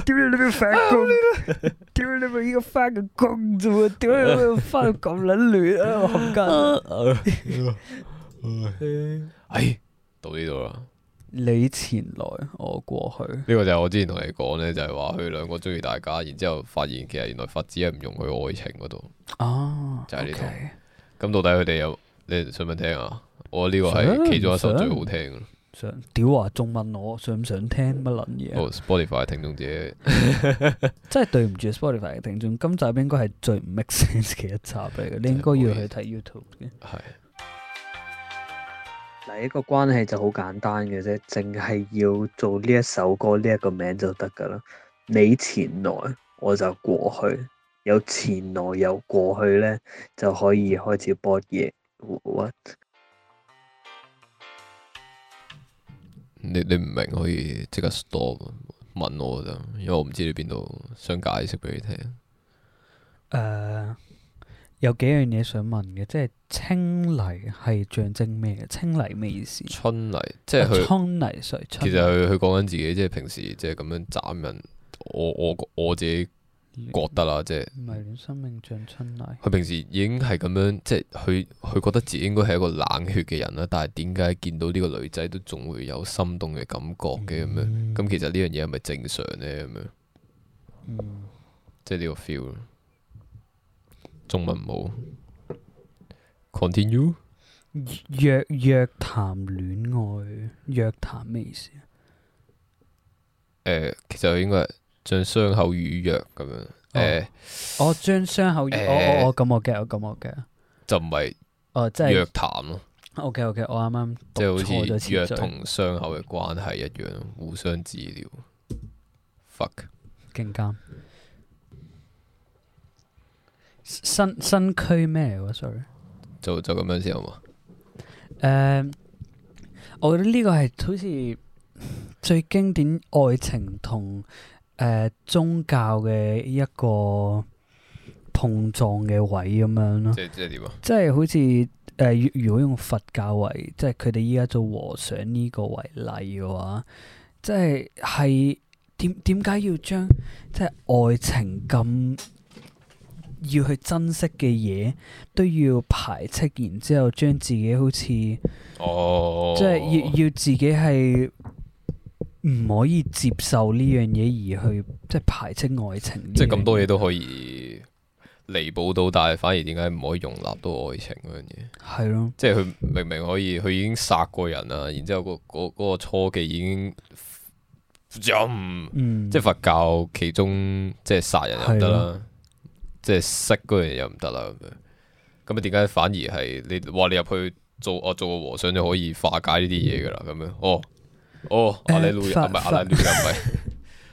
點解要翻工？點解要翻個工做？點解要翻到咁卵亂啊？我唔得。 哎，到呢度啦。你前來，我過去。呢個就係我之前同你講呢，就係話佢兩個中意大家，然後之後發現其實原來發展係唔容許愛情嗰度哦，啊、就係呢度。咁 okay 到底佢哋有你想唔想聽啊？我呢個係其中一首最好聽。啊屌話仲問我想唔想聽乜撚嘢？哦、oh,，Spotify 嘅聽眾者， 真係對唔住 Spotify 嘅聽眾，今集應該係最唔 make sense 嘅一集嚟嘅，你應該要去睇 YouTube 嘅。係，嗱一個關係就好簡單嘅啫，淨係要做呢一首歌呢一個名就得噶啦。你前來，我就過去；有前來有過去咧，就可以開始播嘢。What? 你你唔明可以即刻 stop 問我㗎，因為我唔知你邊度，想解釋俾你聽。誒、呃，有幾樣嘢想問嘅，即係春泥係象徵咩？春泥咩意思？春泥即係佢、啊。春泥水春泥。其實佢佢講緊自己，即係平時即係咁樣斬人。我我我自己。覺得啦，即係佢平時已經係咁樣，即係佢佢覺得自己應該係一個冷血嘅人啦。但係點解見到呢個女仔都總會有心動嘅感覺嘅咁樣？咁、嗯、其實呢樣嘢係咪正常呢？咁樣、嗯，即係呢個 feel 中文唔好，continue。弱弱談戀愛，弱談咩意思啊？誒、呃，其實應該係。將傷口與藥咁樣誒，我將傷口，我我我咁我嘅，我咁我嘅就唔係誒，即係藥談咯。O K O K，我啱啱即係好似藥同傷口嘅關係一樣，互相治療。Fuck，勁監身身區咩？我 sorry，就就咁樣先好嘛？誒，我覺得呢個係好似最經典愛情同。誒、呃，宗教嘅一個碰撞嘅位咁樣咯，即係即係點啊？即係好似誒，如果用佛教為，即係佢哋依家做和尚呢個為例嘅話，即係係點點解要將即係愛情咁要去珍惜嘅嘢都要排斥，然之後將自己好似哦，oh. 即係要要自己係。唔可以接受呢樣嘢，而去即係排斥愛情。即係咁多嘢都可以彌補到，但係反而點解唔可以容納到愛情嗰樣嘢？係咯的，即係佢明明可以，佢已經殺過人啦，然之後嗰、嗰、嗰、個嗰個初期已經，嗯、即係佛教其中即係殺人又唔得啦，的即係識嗰樣又唔得啦咁樣。咁啊點解反而係你話你入去做我、啊、做個和尚就可以化解呢啲嘢噶啦？咁樣、嗯、哦。哦，阿彌陀佛唔係，阿彌陀佛唔係，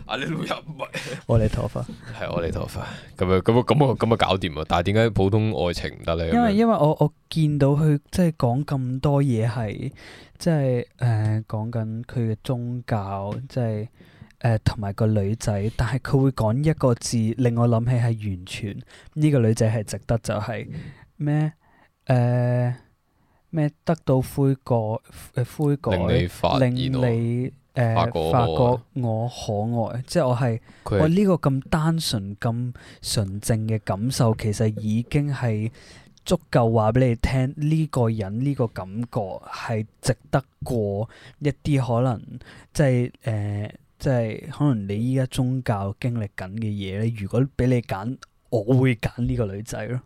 阿彌陀佛唔係，阿彌陀佛係阿彌陀佛咁樣，咁咁啊，咁啊搞掂啊！europe t out 這麽 website 但係點解普通愛情唔得咧？因為因為我我見到佢即係講咁多嘢係，即係誒講緊佢嘅宗教，即係誒同埋個女仔，但係佢會講一個字，令我諗起係完全呢、呢個女仔係值得、就係，就係咩誒。咩得到悔改？誒，悔改令你發現，令你、呃、發覺我可愛，即係是我係，我呢個咁單純咁純正嘅感受，其實已經係足夠話俾你聽，呢、這個人呢個感覺係值得過一啲可能，即、就、係、是，誒、呃，即、就、係、是、可能你依家宗教經歷緊嘅嘢咧。如果俾你揀，我會揀呢個女仔咯。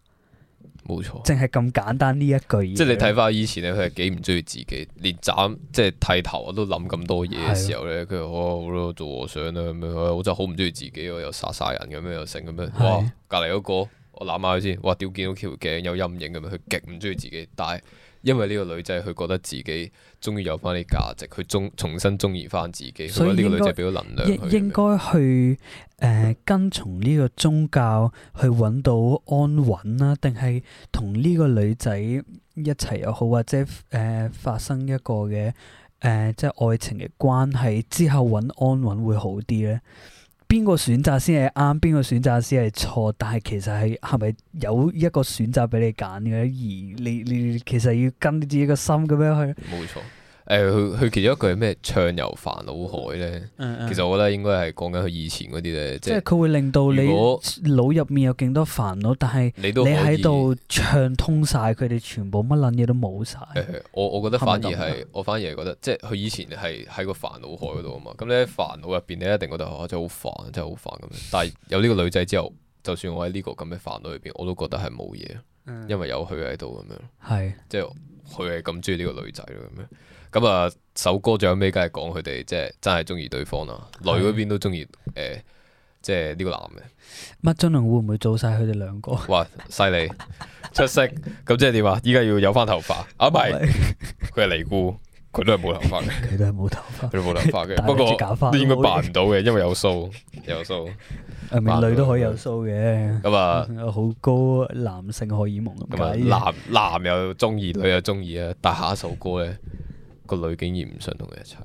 冇錯，淨係咁簡單呢一句，即係你睇翻以前咧，佢係幾唔中意自己，連斬即係剃頭我都諗咁多嘢嘅時候咧，佢話我：好咯，做和尚啦咁樣，我真係好唔中意自己喎，又殺曬人咁樣又成咁樣，哇！隔離嗰個，我攬下佢先，哇！屌見到條頸有陰影咁樣，佢極唔中意自己，但係。因為呢個女仔，佢覺得自己終於有翻啲價值，佢中重新鍾意翻自己。所以呢個女仔畀咗能量，應該去誒、呃、跟從呢個宗教去揾到安穩啦，定係同呢個女仔一齊又好，或者誒、呃、發生一個嘅誒、呃、即係愛情嘅關係之後揾安穩會好啲咧。邊個選擇先係啱，邊個選擇先係錯？但係其實係係咪有一個選擇俾你揀嘅咧？而你你，你其實要跟自己個心咁樣去。冇錯。誒，佢佢、呃、其中一句係咩？暢遊煩惱海咧，嗯、其實我覺得應該係講緊佢以前嗰啲咧，即係是佢會令到你腦入面有勁多煩惱，果但係你喺度暢通晒，佢哋全部乜撚嘢都冇晒。我我覺得反而係，我反而係覺得，即係佢以前係喺個煩惱海嗰度啊嘛。咁 你喺煩惱入邊，你一定覺得、 啊、真係好煩，真係好煩咁樣。但係有呢個女仔之後，就算我喺呢個咁嘅煩惱入邊，我都覺得係冇嘢，嗯、因為有佢喺度咁樣。係，即係佢係咁中意呢個女仔咯咁樣。咁啊，首歌仲有咩梗係講佢哋即係真係中意對方啊。女嗰邊都中意誒，即係呢個男嘅。麥浚龍會唔會做晒佢哋兩個？哇，犀利出色，咁即係點啊？依家要有返頭髮啊？唔係，佢係尼姑，佢都係冇頭髮嘅，佢都係冇頭髮，佢都冇頭髮嘅。不過都應該扮唔到嘅，因為有鬚，有鬚。誒，美女都可以有鬚嘅。咁啊，好高男性荷爾蒙咁解。男男又中意，女又中意啊！但下一首歌咧。個女竟然唔想同佢一齊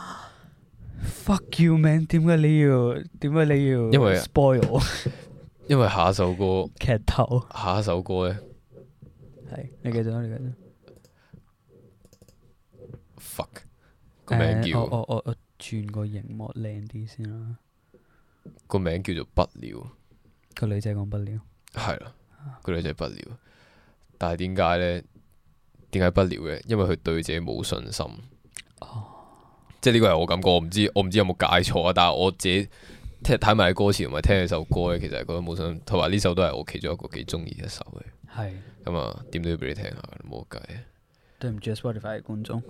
Fuck you man！點解你要？點解你要？因為 spoil 我 因為下， 劇頭 下一首歌。劇透。下一首歌咧。係，你繼續啦，你繼續。 fuck！個名叫。誒、啊，我我我轉個熒幕靚啲先啦。個名叫做不了。個女仔講不了。係啦，個女仔不了，但係點解咧？點解不了嘅？因為佢對自己冇信心，oh. 即係呢個係我感覺，我唔知我唔知有冇解錯啊！但係我自己聽睇埋啲歌詞，同埋聽呢首歌，其實係覺得冇信心。同埋呢首都係我其中一個幾中意嘅一首嘅。係咁啊，點、嗯、都要俾你聽下，冇計。對唔住，Spotify 觀眾。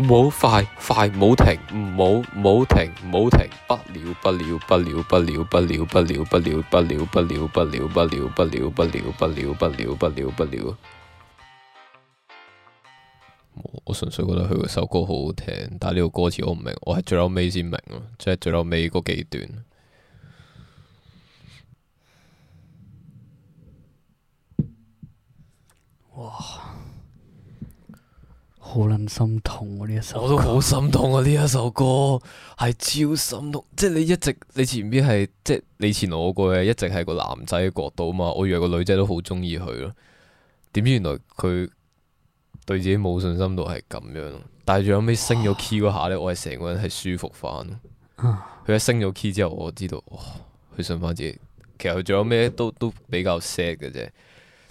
唔好快，快唔好停，唔好唔好停，唔好停，不了不了不了不了不了不了不了不了不了不了不了不了不了不了不了不了。我純粹覺得佢嗰首歌好好聽，但係呢個歌詞我唔明，我係最後尾先明咯，即係最後尾嗰幾段。哇！好撚心痛啊，呢一首歌， 我都好心痛啊！呢一首歌係超心痛，即係你一直你前面係即係你前我過嘅，一直係個男仔嘅角度啊嘛。我以為個女仔都好中意佢咯，點知原來佢對自己冇信心到係咁樣。但係最後尾升咗 key 嗰下呢，哇我係成個人係舒服翻。佢、啊、一升咗 key 之後，我知道，佢信翻自己，其實佢仲有咩都都比較 sad 嘅啫。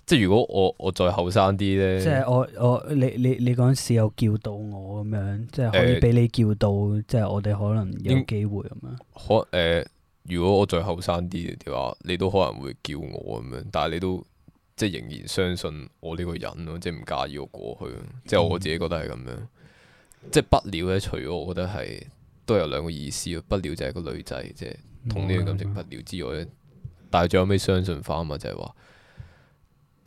即係如果我我再後生啲咧，即係我我你你你嗰陣時有叫到我咁樣，即係可以俾你叫到，呃、即係我哋可能有機會咁樣。嗯、可誒、呃，如果我再後生啲嘅話，你都可能會叫我咁樣，但係你都即係仍然相信我呢個人咯，即係唔介意我過去。即係我自己覺得係咁樣，嗯、即係不了咧。除咗我覺得係都有兩個意思。不了就係個女仔，即係同呢個感情不了之外，嗯嗯、但係最後尾相信翻嘛，就係、是、話。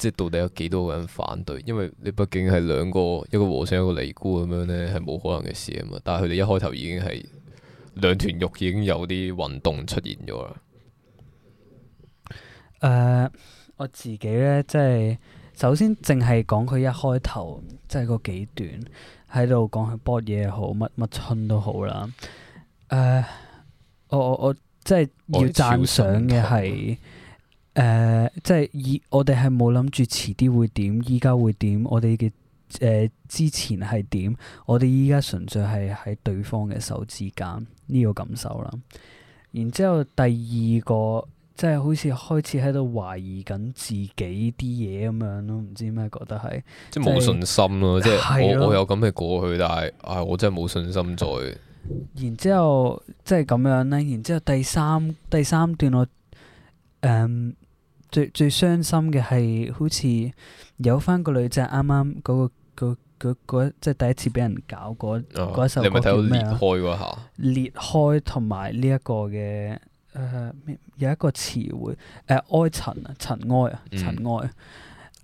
即到底有幾多個人反對？因為你畢竟係兩個，嗯、一個和尚一個尼姑咁樣呢，係冇、嗯、可能嘅事啊嘛。但係佢哋一開頭已經係兩團肉，已經有啲運動出現咗啦。誒、呃，我自己呢，即係首先淨係講佢一開頭，即係嗰幾段喺度講佢搏嘢好，乜乜春都好啦。誒、呃，我我我，我即係要讚賞嘅係。誒、呃，即係以我哋係冇諗住遲啲會點，依家會點，我哋嘅誒之前係點，我哋依家純粹係喺對方嘅手之間呢、呢個感受啦。然之後第二個，即係好似開始喺度懷疑緊自己啲嘢咁樣咯，唔知咩覺得係。即係冇信心咯、啊，就係、即係我係我有咁嘅過去，但係啊、哎，我真係冇信心再。然之後即係咁樣咧。然之後第三第三段我誒，嗯最最傷心嘅係，好似有翻個女仔啱啱嗰個嗰嗰、嗰個嗰個嗰個、即係第一次俾人搞嗰嗰首歌咩？你咪睇到裂開嗰下，裂開同埋呢一個嘅誒、呃，有一個詞彙誒、呃、哀塵啊，塵埃啊，塵埃、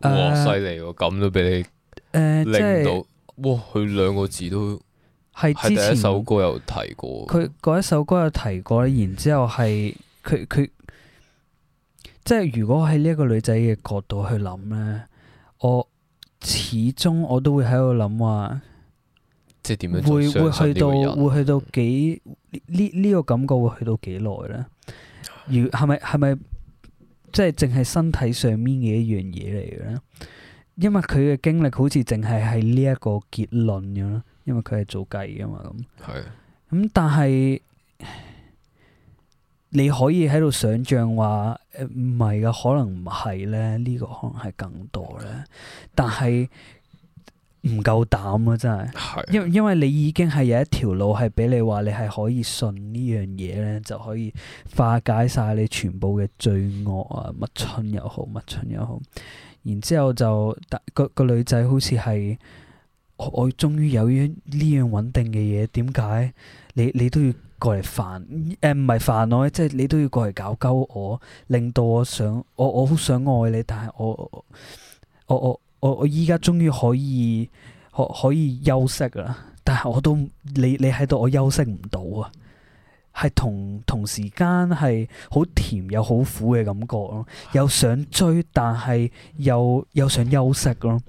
呃。即哇！犀利喎，咁都俾你即令到哇！佢兩個字都係之前首歌有提過。佢嗰一首歌有提過，然之後係佢佢。即係如果喺呢一個女仔嘅角度去諗咧，我始終我都會喺度諗話，即係點樣會會去到會去到幾呢呢、呢個感覺會去到幾耐咧？如係咪係咪即係淨係身體上面嘅一樣嘢嚟嘅咧？因為佢嘅經歷好似淨係係呢一個結論咁啦，因為佢係做妓㗎嘛咁。係咁是的、嗯、但係。你可以喺度想象話，誒唔係噶，可能唔係咧，呢、這個可能係更多咧，但係唔夠膽咯，真係。係。因為因為你已經係有一條路係俾你話，你係可以信呢樣嘢咧，就可以化解晒你全部嘅罪惡啊，乜春又好，乜春又好。然之後就但個個女仔好似係，我我終於有一呢樣穩定嘅嘢。點解？你你，你都要？過嚟煩，誒唔係煩我，即係你都要過嚟搞鳩我，令到我想，我我好想愛你，但係我我我我我依家終於可以可可以休息啦，但係我都你你喺度，我休息唔到啊！係同同時間係好甜又好苦嘅感覺咯，又想追但係又又想休息咯，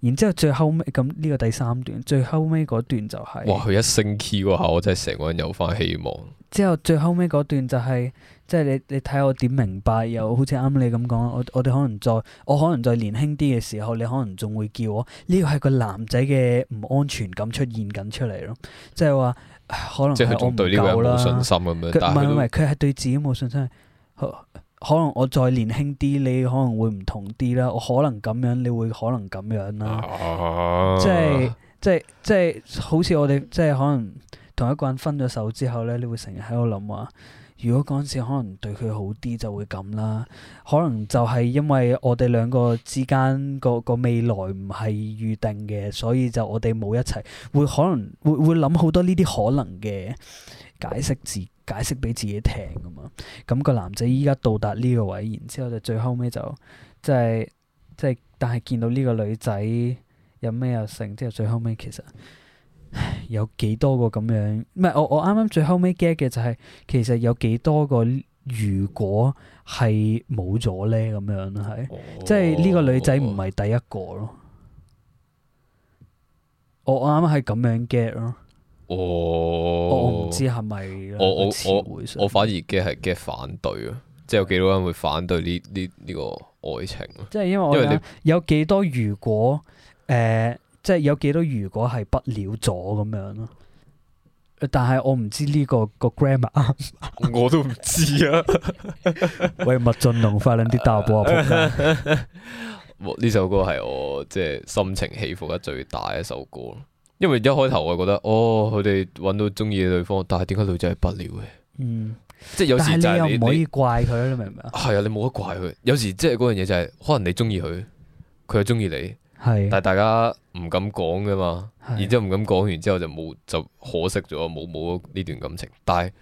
然之後最後尾咁呢個第三段最後尾嗰段就係、是、哇佢一升 key 嗰下，我真係成個人有翻希望。之後最後尾嗰段就係、是、即係你你睇我點明白，又好似啱你咁講，我我哋可能再我可能再年輕啲嘅時候，你可能仲會叫我呢、這個係個男仔嘅唔安全感出現緊出嚟咯，即係話。可能即係佢對呢位冇信心咁樣，唔係唔係，佢係對自己冇信心。可能我再年輕啲，你可能會唔同啲啦。我可能咁樣，你會可能咁樣啦。即係即係即係，好似我哋即係可能同一個人分咗手之後呢，你會成日喺度諗話。如果嗰陣時可能對佢好啲就會咁啦，可能就係因為我哋兩個之間個個未來唔係預定嘅，所以就我哋冇一齊，會可能會會諗好多呢啲可能嘅解釋自解釋俾自己聽咁嘛。咁、那個男仔依家到達呢個位，然之後就最後尾，就即係即係，但係見到呢個女仔有咩又成，之後最後尾、就是就是、其實。有幾多個咁樣？唔係，我我啱啱最後尾 get 嘅就係、是，其實有幾多個如果係冇咗呢咁樣咯，係、哦、即係呢個女仔唔係第一個咯。我啱啱係咁樣 get 咯。哦，我唔知係咪。我我我我反而 get 係 get 反對啊，即係有幾多人會反對呢呢呢個愛情咯？即係因為我因為有幾多如果誒。呃即係有幾多如果係不了咗咁樣咯？但係我唔知呢、這個個 grammar 啊， 啊，我都唔知啊。喂，麥浚龍，快啲答。呢首歌係我即係心情起伏得最大一首歌，因為一開頭我覺得哦，佢哋揾到中意嘅對方，但係點解女仔係不了嘅？嗯，即係有時你，你又唔可以怪佢，你明唔明啊？係啊，你冇得怪佢。有時即係嗰樣嘢就係，可能你中意佢，佢又中意你。但係大家唔敢講噶嘛，的然之後唔敢講完之後就冇，就可惜咗，冇冇呢段感情。但係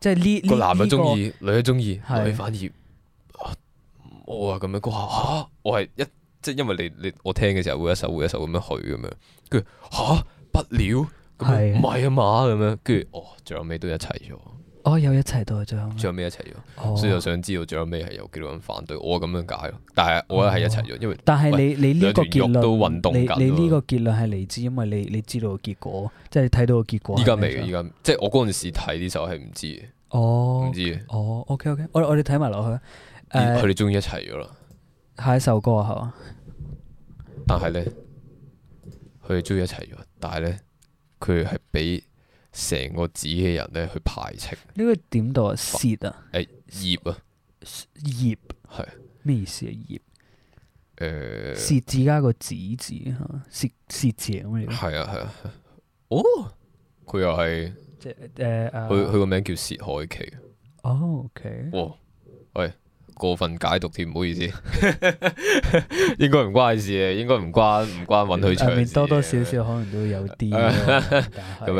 即係呢個男嘅中意，這個 女嘅中意，的女嘅反而我啊咁樣講吓，我係一即係因為你你我聽嘅時候會一首會一首咁樣去咁、啊、樣、啊，跟住吓不了，咁唔係啊嘛咁樣，跟住哦，最後尾都一齊咗。哦，有一齊到最後最後尾一齊咗？哦、所以就想知道最後尾係有幾多人反對？哦、我咁樣解但係我係一齊咗，因為但係你喂你呢個結論，都動你你呢個結論係嚟自，因為你你知道個結果，即係你睇到個結果。依家未，依家即係我嗰陣時睇呢首係唔知嘅，唔知嘅、哦、唔知嘅。哦，OK OK，我我哋睇埋落去。佢哋終於一齊咗啦！下一首歌啊，係嘛？但係咧，佢哋終於一齊咗，但係咧，佢係俾。成個字嘅人咧，去排斥呢個點讀啊？薛、欸、啊？誒是，葉、欸、啊？葉係咩意思啊？葉誒、啊，薛字加個子字吓，薛，薛字咁樣？係啊係啊，哦，佢又係即係誒，佢佢個名叫薛凱琪。哦，OK，哦，喂。過分解讀添，唔好意思， 應該唔關事嘅，應該唔關唔關揾佢唱多多少少可能都有啲咁 是樣、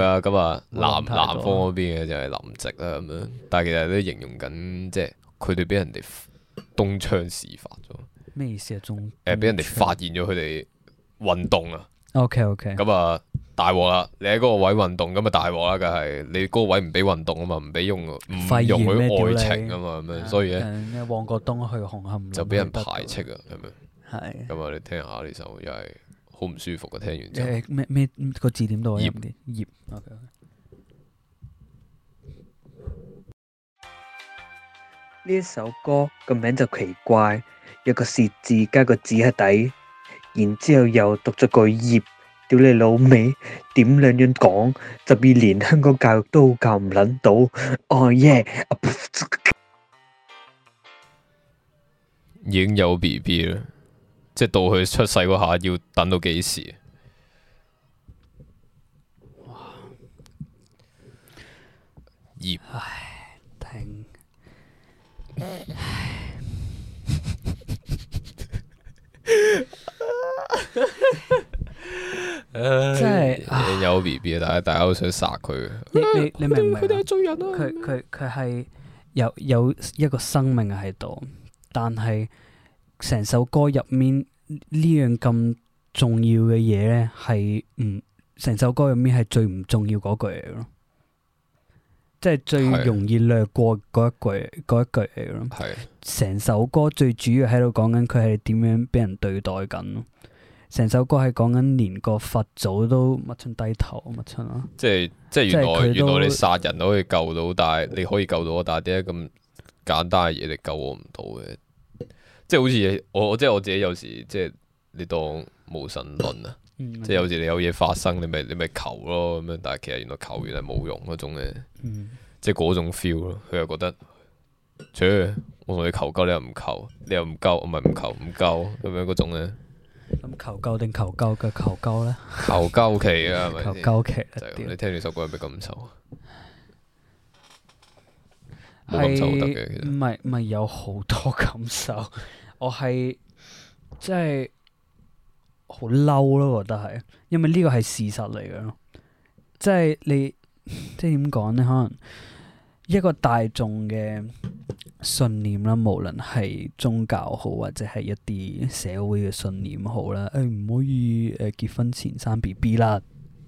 啊，咁、嗯、啊南南方嗰邊嘅就係林夕啦，咁樣、啊，嗯、但係其實都形容緊，即係佢哋俾人哋東窗事發咗，咩意思啊？誒，俾、呃、人哋發現咗佢哋運動啊。 OK OK，咁啊。大鑊啦！你喺嗰個位運動咁啊，大鑊啦！梗係你嗰個位唔畀運動啊嘛，唔畀用唔費用佢愛情啊嘛，咁樣廢業 的所以呢，旺角東去紅磡就畀人排斥啊，係咪？係咁啊！我哋聽下呢首又係好唔舒服嘅，聽完之後咩咩個字點讀？葉葉。呢葉、okay, okay，一首歌個名就奇怪，一個舌字加個字喺底，然後之後又讀咗句「葉。屌你老味，點兩樣講，十二年香港教育都教唔撚到。哦耶，已經有 B B 啦，即係到佢出世嗰下要等到幾時？哇，葉，唉，停，唉。即係、哎、有 B B 你啊，但係大家都想殺佢。你明唔明？佢哋係罪人啊！佢佢佢係有有一個生命喺度，但係成首歌入面呢樣咁重要嘅嘢咧，係、嗯、唔，成首歌入面係最唔重要嗰句嚟。咯，即係最容易略過嗰一句嗰的一句嚟咯。係成的首歌最主要喺度講緊佢係點樣俾人對待緊咯。成首歌係講緊連個佛祖都默存低頭，默存啊！即係即係原來原來你殺人都可以救到，但係你可以救到我，但係點解咁簡單嘅嘢，你救我唔到嘅？即係好似我即係我自己有時即係你當冇神論啊，即係有時你有嘢發生你咪你咪求咯咁樣，但係其實原來求完係冇用嗰種嘅，即係嗰種 feel 咯。佢又覺得，切，我同你求救你又唔求，你又唔救，唔係唔求唔救」咁樣嗰種咧。咁求救定求救嘅求救咧？求救期啊，係咪求救期啊， 期你聽呢首歌有咩感受啊？冇唔係唔係有好多感受。 我係即係好嬲咯，我覺得係，因為呢個係事實嚟嘅咯。即係你即係點講咧？可能一個大眾嘅。信念啦，無論係宗教好，或者係一啲社會嘅信念好啦，誒唔可以誒結婚前生 BB 啦，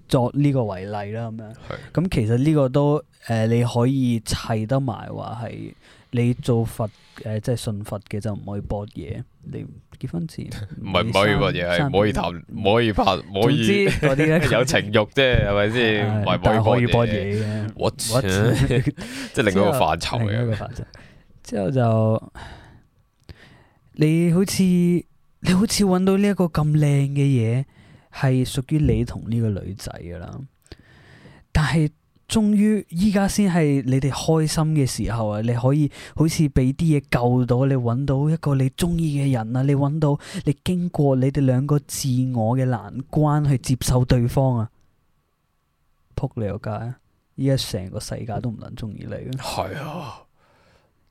作呢個為例啦咁樣。係。咁其實呢個都誒，你可以砌得埋話係你做佛誒，即係信佛嘅就唔可以博嘢。你結婚前唔係唔可以博嘢，係唔可以談，唔可以拍，唔可以啲有情欲啫，係咪先？係可以博嘢嘅。What？即係另一個範疇嘅之後就你好似你好似揾到呢一個咁靚嘅嘢，係屬於你同呢個女仔噶啦。但係終於依家先係你哋開心嘅時候啊！你可以好似俾啲嘢救到你，揾到一個你中意嘅人啊！你揾到你經過你哋兩個自我嘅難關去接受對方啊！撲你個街，依家成個世界都唔撚中意你。係啊。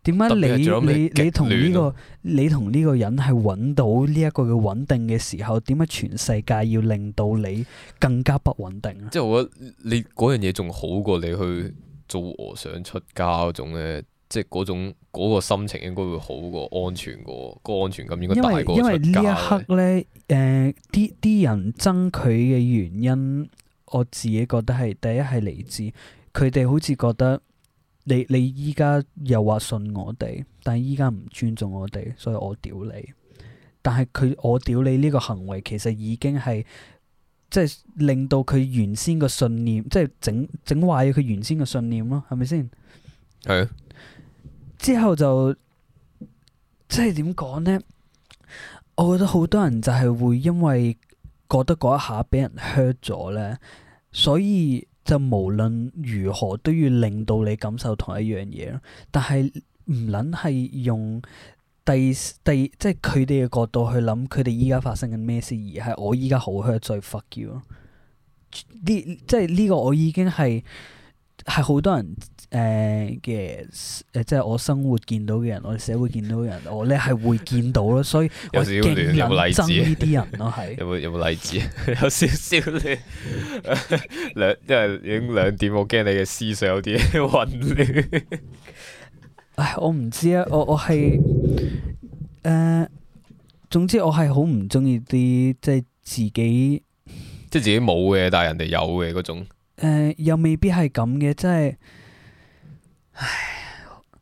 點解你你你同呢個你同呢個人係揾到呢一個嘅穩定嘅時候，點解全世界要令到你更加不穩定？即係我覺得你嗰樣嘢仲好過你去做和尚出家嗰種咧，即係嗰種嗰、嗰個心情應該會好過安全過個安，安全感應該大過出家。因為因為呢一刻咧，誒啲啲人憎佢嘅原因，我自己覺得係第一係嚟自佢哋好似覺得。你你依家又話信我哋，但係依家唔尊重我哋，所以我屌你。但係佢我屌你呢個行為，其實已經係即係令到佢原先個信念，即係整整壞咗佢原先個信念咯，係咪先？係啊的。之後就即係點講咧？我覺得好多人就係會因為覺得嗰一下俾人 hurt 咗咧，所以。就無論如何都要令到你感受同一樣嘢咯，但係唔撚係用第第即係佢哋嘅角度去諗佢哋依家發生緊咩事，而係我依家好 hurt 所以 fuck you 咯。呢即係呢個我已經係係好多人。誒嘅誒，uh, yes, uh, 即係我生活見到嘅人，我哋社會見到嘅人， 我咧係會見到咯，所以我勁能憎呢啲人咯，係有冇有冇例子？ 有，有，例子 有少少亂， 因為已經兩點，我驚你嘅思想有啲混亂。唉、uh，我唔知啊，我我係誒，uh, 總之我係好唔中意啲即係自己即係自己冇嘅，但係人哋有嘅嗰種誒，uh, 又未必係咁嘅，即係。唉，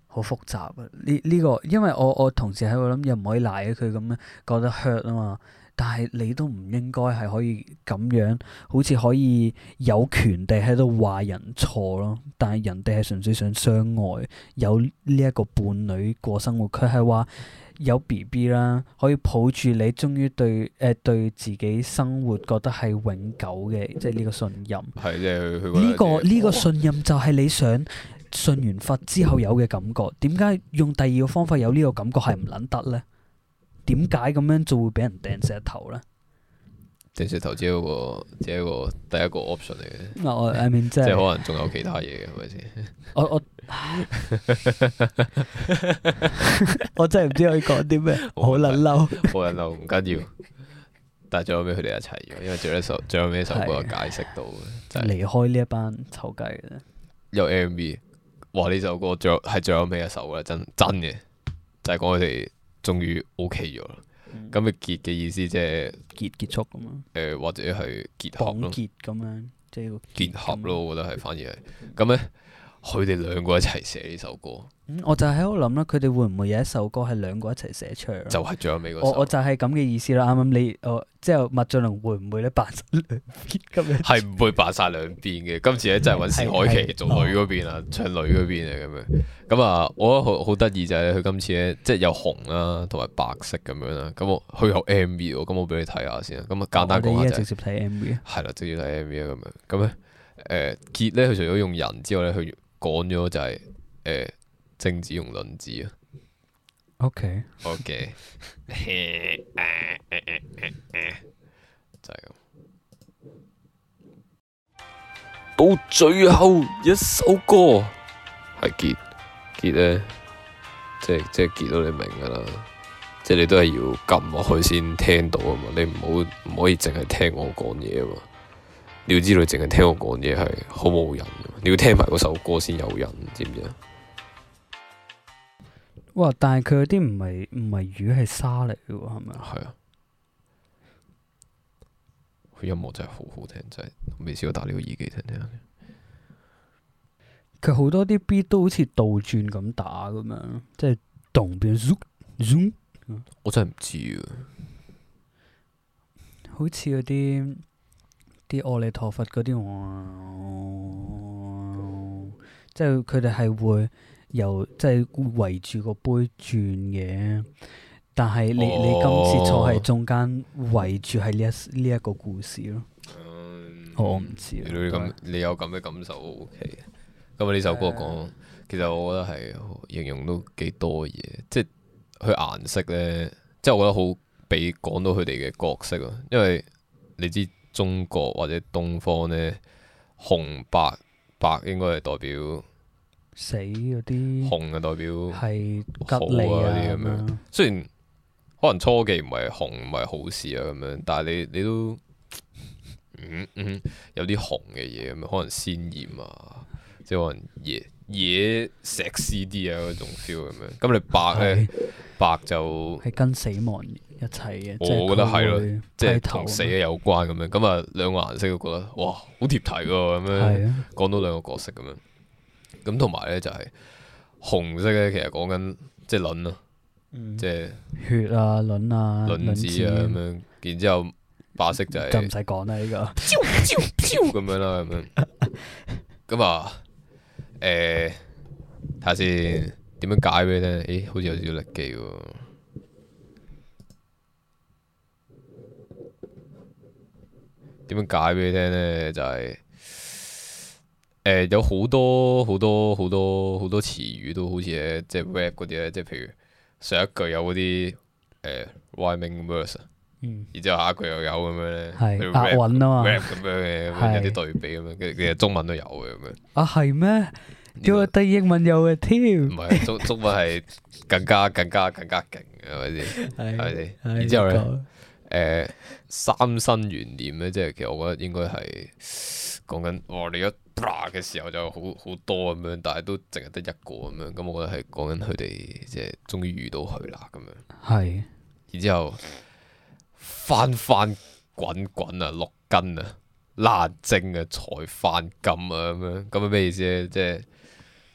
好複雜啊！呢呢、呢個，因為我我同時喺度諗，又唔可以賴佢咁樣覺得屈啊嘛。但係你都唔應該係可以咁樣，好似可以有權地喺度話人錯咯。但係人哋係純粹想相愛，有呢一個伴侶過生活。佢係話有 B B 啦，可以抱住你，終於對誒、呃、對自己生活覺得係永久嘅，即係呢個信任。呢、呢個呢、呢個哦、個信任就係你想信完佛之後有嘅感覺，點解用第二個方法有呢個感覺係唔捻得呢？點解咁樣做會俾人掟石頭呢？掟石頭只一個，只一個第一個 option 嚟嘅。嗱，I mean 即係可能仲有其他嘢嘅，係咪先？我我我真係唔知可以講啲咩，好捻嬲，冇人嬲，唔緊要。但係仲有咩佢哋一齊？因為最後一首，仲有咩首歌解釋到？就係離開呢一班雛妓咧。有 M V。哇！呢首歌最後係最後尾一首啦。真真嘅就係講佢哋終於 OK 咗啦。咁咪、嗯、結嘅意思即、就、係、是、結結束咁樣？誒、呃，或者係結合咯？結咁樣即係、就是、結合咯？合合我覺得係反而係咁咧，佢哋兩個一齊寫呢首歌。我就喺度諗啦，佢哋會唔會有一首歌係兩個一齊寫唱？就係最後尾嗰首。我就係咁嘅意思啦。啱啱你，我即係麥浚龍會唔會咧扮？係唔會扮晒兩邊嘅。今次咧就係搵謝安琪做女嗰邊啊，唱女嗰邊啊咁樣。咁啊，我覺得好好得意就係佢今次咧，即係有紅啦，同埋白色咁樣啦。咁我去學 MV 喎，咁我俾你睇下先啊。咁啊，簡單講下、就係哦、直接睇 MV 啊。係啦，直接睇 MV 啊。咁樣咁咧，誒，杰咧佢除咗用人之外咧，佢講咗就係、是、誒。呃正字用輪字啊。OK，OK，Okay. Okay. 就咁。到最後一首歌係結結咧，即係即係結到你明噶啦。即係你都係要撳落去先聽到啊嘛。你唔好唔可以淨係聽我講嘢啊嘛。你要知道，淨係聽我講嘢係好冇癮。你要聽埋嗰首歌先有癮，知唔知啊？哇！但係佢嗰啲唔係唔係魚，係沙嚟嘅喎，係咪啊？係啊！佢音樂真係好好聽，真係未試過打呢個耳機聽聽。佢好多啲 B 都好似倒轉咁打咁樣，即係動變 zoom zoom。我真係唔知啊！好似嗰啲啲阿彌陀佛嗰啲，我即係佢哋係會。又即係、就是、圍住個杯轉嘅，但係你、哦、你今次坐喺中間圍住係呢一呢一個故事咯。嗯、我唔知你咁，對你有咁嘅感受 OK？咁啊呢首歌講，嗯、其實我覺得係形容都幾多嘢，即係佢顏色咧，即、就、係、是、我覺得好俾講到佢哋嘅角色咯。因為你知中國或者東方咧，紅白白應該係代表死嗰啲紅就代表係吉利啊啲咁樣，雖然可能初期唔係紅唔係好事啊咁樣，但係你你都嗯嗯，嗯有啲紅嘅嘢咁，可能鮮豔啊，即係可能嘢野石屎啲啊嗰種 feel 咁樣。咁你白咧，是白就係跟死亡一齊嘅，哦、我覺得係咯，即係同死嘅有關咁樣。咁啊兩個顏色都覺得哇好貼題喎咁樣，啊，講到兩個角色咁樣。咁同埋呢就係、是、紅色呢，其實講緊即係卵咯，即係、啊嗯、是血啊、卵啊、卵子啊咁樣，啊、然之後白色就係、是，就唔使講啦呢個，咁 樣啦、啊、咁樣，咁 啊，唉、呃，睇下先點樣解俾你聽？咦、欸，好似有少少力機喎，點樣解俾你聽呢？就係、是。誒有好多好多好多好多詞語都好似咧，即係 rap 嗰啲咧，即係譬如上一句有嗰啲誒 rhyming verse，然之後下一句又有咁樣咧，押韻啊嘛，rap 咁樣嘅有啲對比咁樣，其實中文都有嘅咁樣。啊係咩？仲有英文有嘅添？唔係，中中文係更加更加更加勁嘅係咪先？係咪先？然之後咧，誒三生玄念咧，即係其實我覺得應該係。講緊我哋一咗嘅時候就好好多咁樣，但係都淨係得一個咁樣，咁我覺得係講緊佢哋即係終於遇到佢啦咁樣。係是，然之後翻翻滾滾啊，六根啊難精啊財翻金啊咁樣，咁係咩意思咧？即係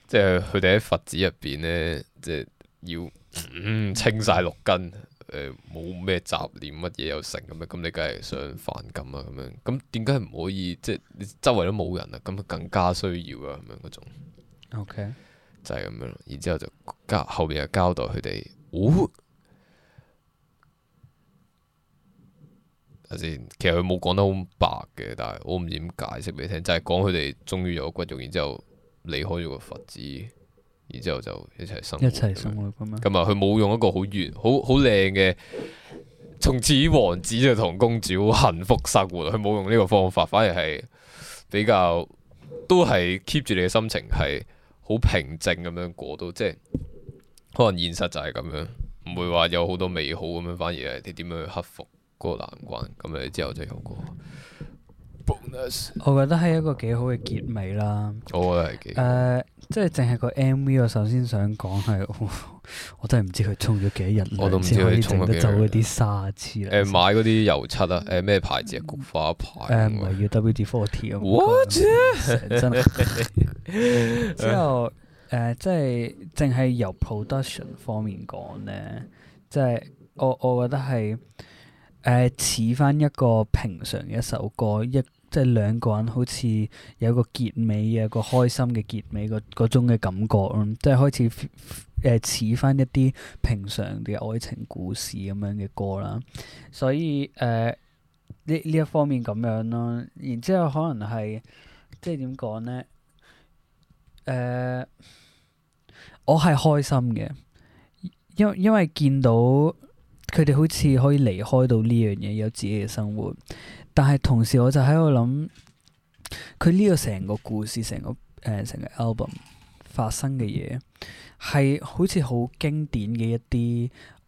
即係佢哋喺佛寺入邊咧，即係要、嗯、清晒六根。誒冇咩雜念，乜嘢又成咁、啊、樣，咁你梗係想反感啊咁樣，咁點解唔可以即你周圍都冇人啊？咁更加需要啊咁樣嗰種。OK，就係咁樣。然之後就交後邊又交代佢哋。哦，睇先。其實佢冇講得好白嘅，但係我唔知點解釋俾你聽。就係講佢哋終於有骨肉，然之後離開咗個佛寺。然之後就一齊生活，一齊生活咁啊！佢冇用一個好完好好靚嘅從此王子就同公主幸福生活，佢冇用呢個方法，反而係比較都係 keep 住你嘅心情係好平靜咁樣過到。即係可能現實就係咁樣，唔會話有好多美好咁樣，反而係你點樣去克服個難關，咁你之後就有個。我覺得係一個幾好嘅結尾啦。我覺得係幾誒，即係淨係個 M V，我首先想講係、哦，我真係唔知佢衝咗幾多人。我都唔知佢衝得走嗰啲沙子。誒、呃、買嗰啲油漆啊！誒、呃、咩牌子啊？菊花牌、啊。誒唔係要 W D forty 啊嘛。What？之後誒、呃，即係淨係由 production 方面講咧，即、就、係、是、我我覺得係誒、呃、似翻一個平常嘅一首歌一。即係兩個人好似有個結尾啊，有個開心嘅結尾，個嗰種嘅感覺咯，即係開始誒似返一啲平常嘅愛情故事咁樣嘅歌啦，所以誒呢呢一方面咁樣咯，然之後可能係即係點講咧？誒、呃，我係開心嘅，因為因為見到佢哋好似可以離開到呢樣嘢，有自己嘅生活。但係同時，我就喺度諗，佢呢個成個故事、成個誒成、呃、個 album 發生嘅嘢，係好似好經典嘅一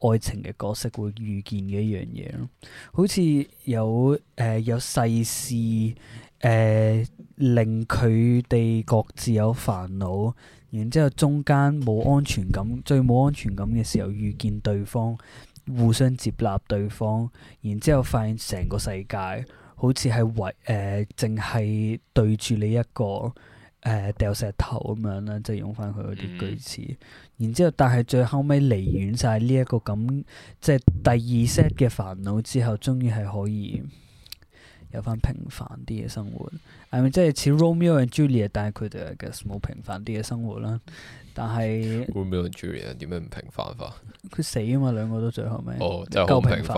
啲愛情嘅角色會遇見嘅一樣嘢咯。好似有誒、呃、有世事誒、呃、令佢哋各自有煩惱，然之後中間冇安全感，最冇安全感嘅時候遇見對方，互相接納對方，然之後發現成個世界。好似係唯誒淨係對住你一個誒掉、呃、石頭咁樣啦，即、就、係、是、用翻佢嗰啲句子。Mm hmm. 然後後、這個、之後，但係最後尾離遠晒呢一個咁即係第二 set 嘅煩惱之後，終於係可以有翻平凡啲嘅生活。係 I 咪 mean, 即係似 Romeo and Juliet 但係佢哋嘅冇平凡啲嘅生活啦。Mm hmm. 但係會唔會有 Julia 點樣唔平凡法？佢死啊嘛，兩個都最後尾，哦，真係好平凡，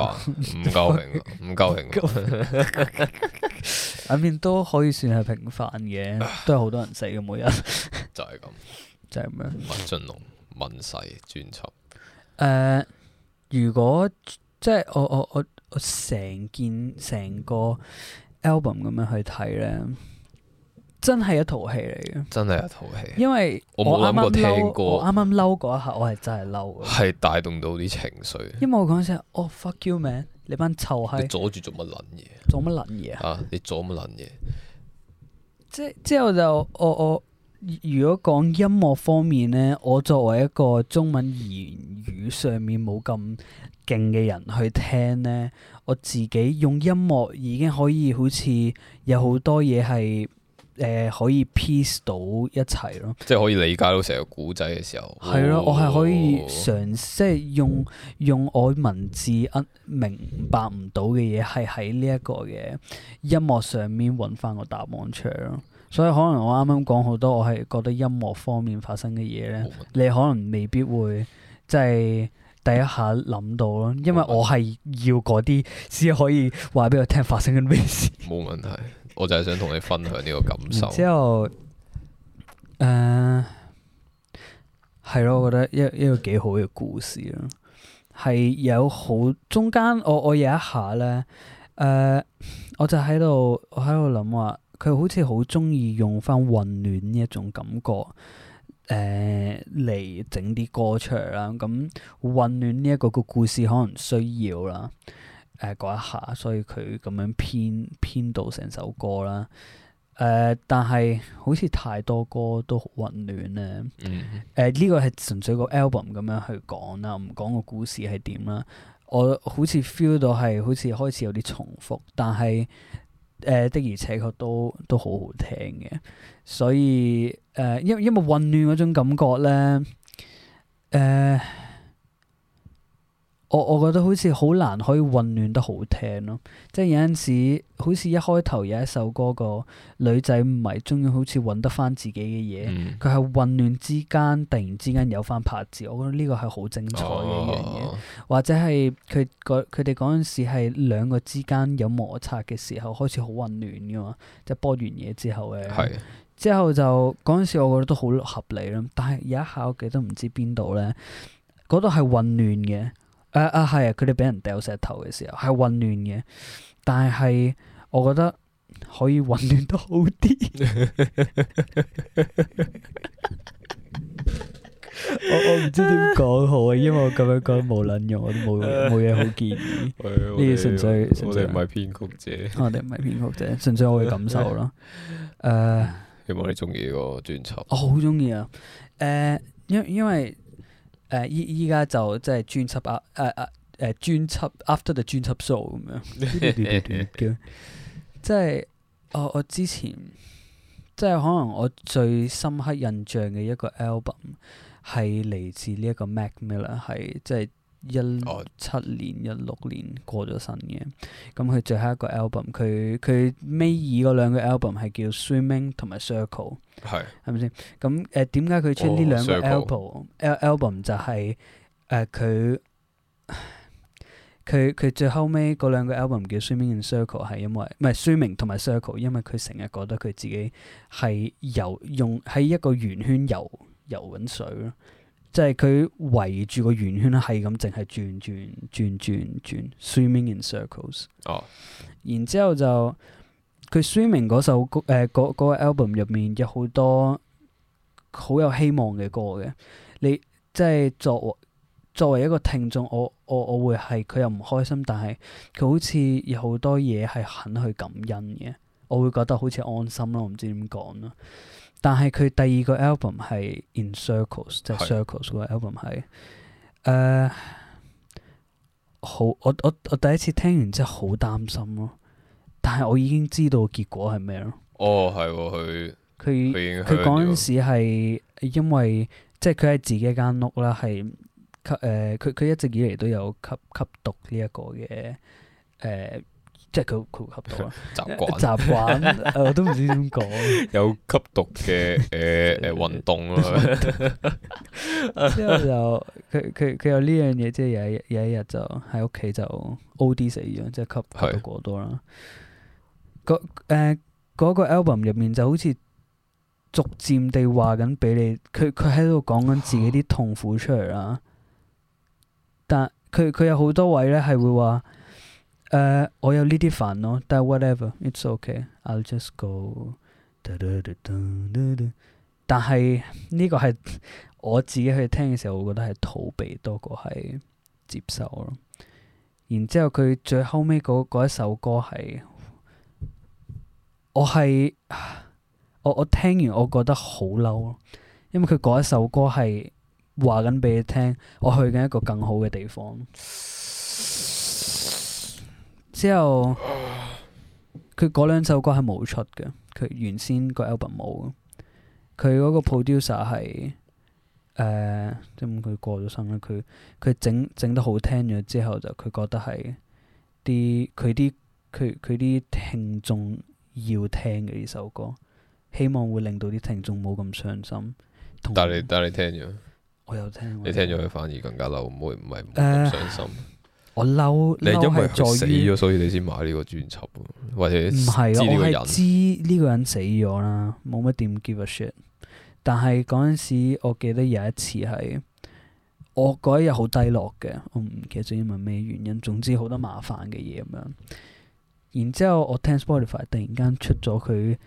唔夠平，唔 夠平。阿邊都可以算係平凡嘅， 都係好多人死嘅，每日 就係咁，就係咁樣。麥 浚龍《問世專輯》。誒，如果即係我我我我成件成個 album 咁樣去睇咧。真係一套戲嚟嘅，真係一套戲。因為我冇諗過聽過，我啱啱嬲嗰一刻，我係真係嬲嘅，係帶動到啲情緒。因為我講聲哦，fuck you，man，你班臭閪，你阻住做乜捻嘢？做乜捻嘢啊？你做乜捻嘢？即係、啊、之後就我我，我如果講音樂方面呢，我作為一個中文言語上面冇咁勁嘅人去聽呢，我自己用音樂已經可以好似有好多嘢係。誒、呃、可以 piece 到一齊咯，即係可以理解到成個古仔嘅時候。係咯， 我係可以嘗即係用用我文字呃明白唔到嘅嘢，係喺呢一個嘅音樂上面揾翻個答案出嚟咯。所以可能我啱啱講好多，我係覺得音樂方面發生嘅嘢呢，你可能未必會即係第一下諗到咯。因為我係要嗰啲先可以話俾佢聽發生緊咩事。冇問題。 我就係想同你分享呢個感受。之後，誒、呃，係咯，我覺得一個一個幾好嘅故事，係有好中間我，我我有一下咧，誒、呃，我就喺度，我喺度諗話，佢好似好中意用翻混亂呢一種感覺，誒、呃，嚟整啲歌出嚟啦，咁、嗯、混亂呢一個個故事可能需要啦。誒，呃、一下，所以佢咁樣編編到成首歌啦。誒、呃，但係好似太多歌都好混亂咧。誒、嗯哼，呢、呃這個係純粹個 album 咁樣去講啦，唔講個故事係點啦。我好似 feel 到係好似開始有啲重複，但係誒、呃、的而且確都都好好聽嘅。所以誒、呃，因為因為混亂嗰種感覺咧，誒、呃。我我覺得好似好難可以混亂得好聽咯，即係有陣時好似一開頭有一首歌個女仔唔係終於好似揾得返自己嘅嘢，佢喺、嗯、混亂之間突然之間有返拍子。我覺得呢個係好精彩嘅一樣嘢，哦、或者係佢佢哋嗰陣時係兩個之間有摩擦嘅時候開始好混亂㗎嘛，即、就、係、是、播完嘢之後咧，是之後就嗰陣時我覺得都好合理啦。但係有一下我記得唔知邊度咧，嗰度係混亂嘅。啊，啊係啊，佢哋俾人掉石頭嘅時候係混亂嘅，但係我覺得可以混亂得好啲 我我唔知點講好，因為我咁樣講冇卵用，我都冇冇嘢好建議。呢啲純粹，純粹唔係編曲者。 我哋唔係編曲者，純粹我嘅感受咯。誒， 希望你中意個專輯。我好中意啊！誒，因、呃、因為。因為誒，依依家就即係專輯啊誒誒誒，專、uh, 輯、uh, uh, After the 專輯 show 咁樣， 即係我、哦、我之前即係可能我最深刻印象嘅一個 album 係嚟自呢一個 Mac Miller 啦，係即係。一七、oh. 年、一六年過咗身嘅，咁、嗯、佢最後一個 album，佢佢尾二嗰兩個 album 係叫 Circle, 是《Swimming》同埋《Circle、呃》，係係咪先？咁誒點解佢出呢兩個、oh, Circle. album？album 就係誒佢佢佢最後尾嗰兩個 album 叫《Swimming》同《Circle》，係因為唔係《Swimming》同埋《Circle》，因為佢成日覺得佢自己係遊用喺一個圓圈遊遊緊水咯。即係佢圍住個圓圈係咁，淨係轉轉轉轉轉。Swimming in circles。哦。Oh. 然之後就佢 swimming 嗰首、呃、歌，誒，嗰個 album 入面有好多好有希望嘅歌嘅。你即係作為作為一個聽眾，我我我會係佢又唔開心，但係佢好似有好多嘢係肯去感恩嘅。我會覺得好似安心咯，我唔知點講咯。但係佢第二個 album 係 In Circles，是即係 Circles 個 album 係誒好，我我我第一次聽完之後好擔心咯，但係我已經知道結果係咩咯。哦，係佢佢佢嗰陣時係因為即係佢喺自己一間屋啦，係吸誒，佢、呃、佢一直以嚟都有吸吸毒呢一個嘅誒。呃即係佢佢吸毒啊，習慣習慣，慣 我都唔知點講。 有吸毒嘅誒誒運動咯， 之後就佢佢佢有呢樣嘢，即係有一有一日就喺屋企就 O D 死咗，即係吸吸毒過多啦。嗰誒是、啊呃嗰個 album 入面就好似逐漸地話緊俾你，佢佢喺度講緊自己啲痛苦出嚟啦。哦、但佢佢有好多位咧係會話。Uh，我有呢啲煩惱，但 whatever，it's okay，I'll just go。但係呢個係我自己去聽嘅時候，我覺得係逃避多過係接受咯。然之後佢最後尾嗰嗰一首歌係，我係我我聽完我覺得好嬲咯，因為佢嗰一首歌係話緊俾你聽，我去緊一個更好嘅地方。之後，佢嗰兩首歌係冇出嘅，佢原先 al 個 album 冇。佢嗰個 producer 係，誒，即係佢過咗身啦。佢佢整整得好聽咗之後，就佢覺得係啲佢啲佢佢啲聽眾要聽嘅呢首歌，希望會令到啲聽眾冇咁傷心。但你但你聽咗，我又聽。你聽咗佢反而更加嬲，唔會唔係唔傷心。呃我嬲，你係因為佢死咗，於所以你先買呢個專輯咯，或者知呢個人。唔係，我係知呢個人死咗啦，冇乜點 give a shit。但係嗰陣時，我記得有一次係我嗰一日好低落嘅，我唔記得咗因為咩原因，總之好多麻煩嘅嘢咁樣。然之後我聽 Spotify，突然間出咗佢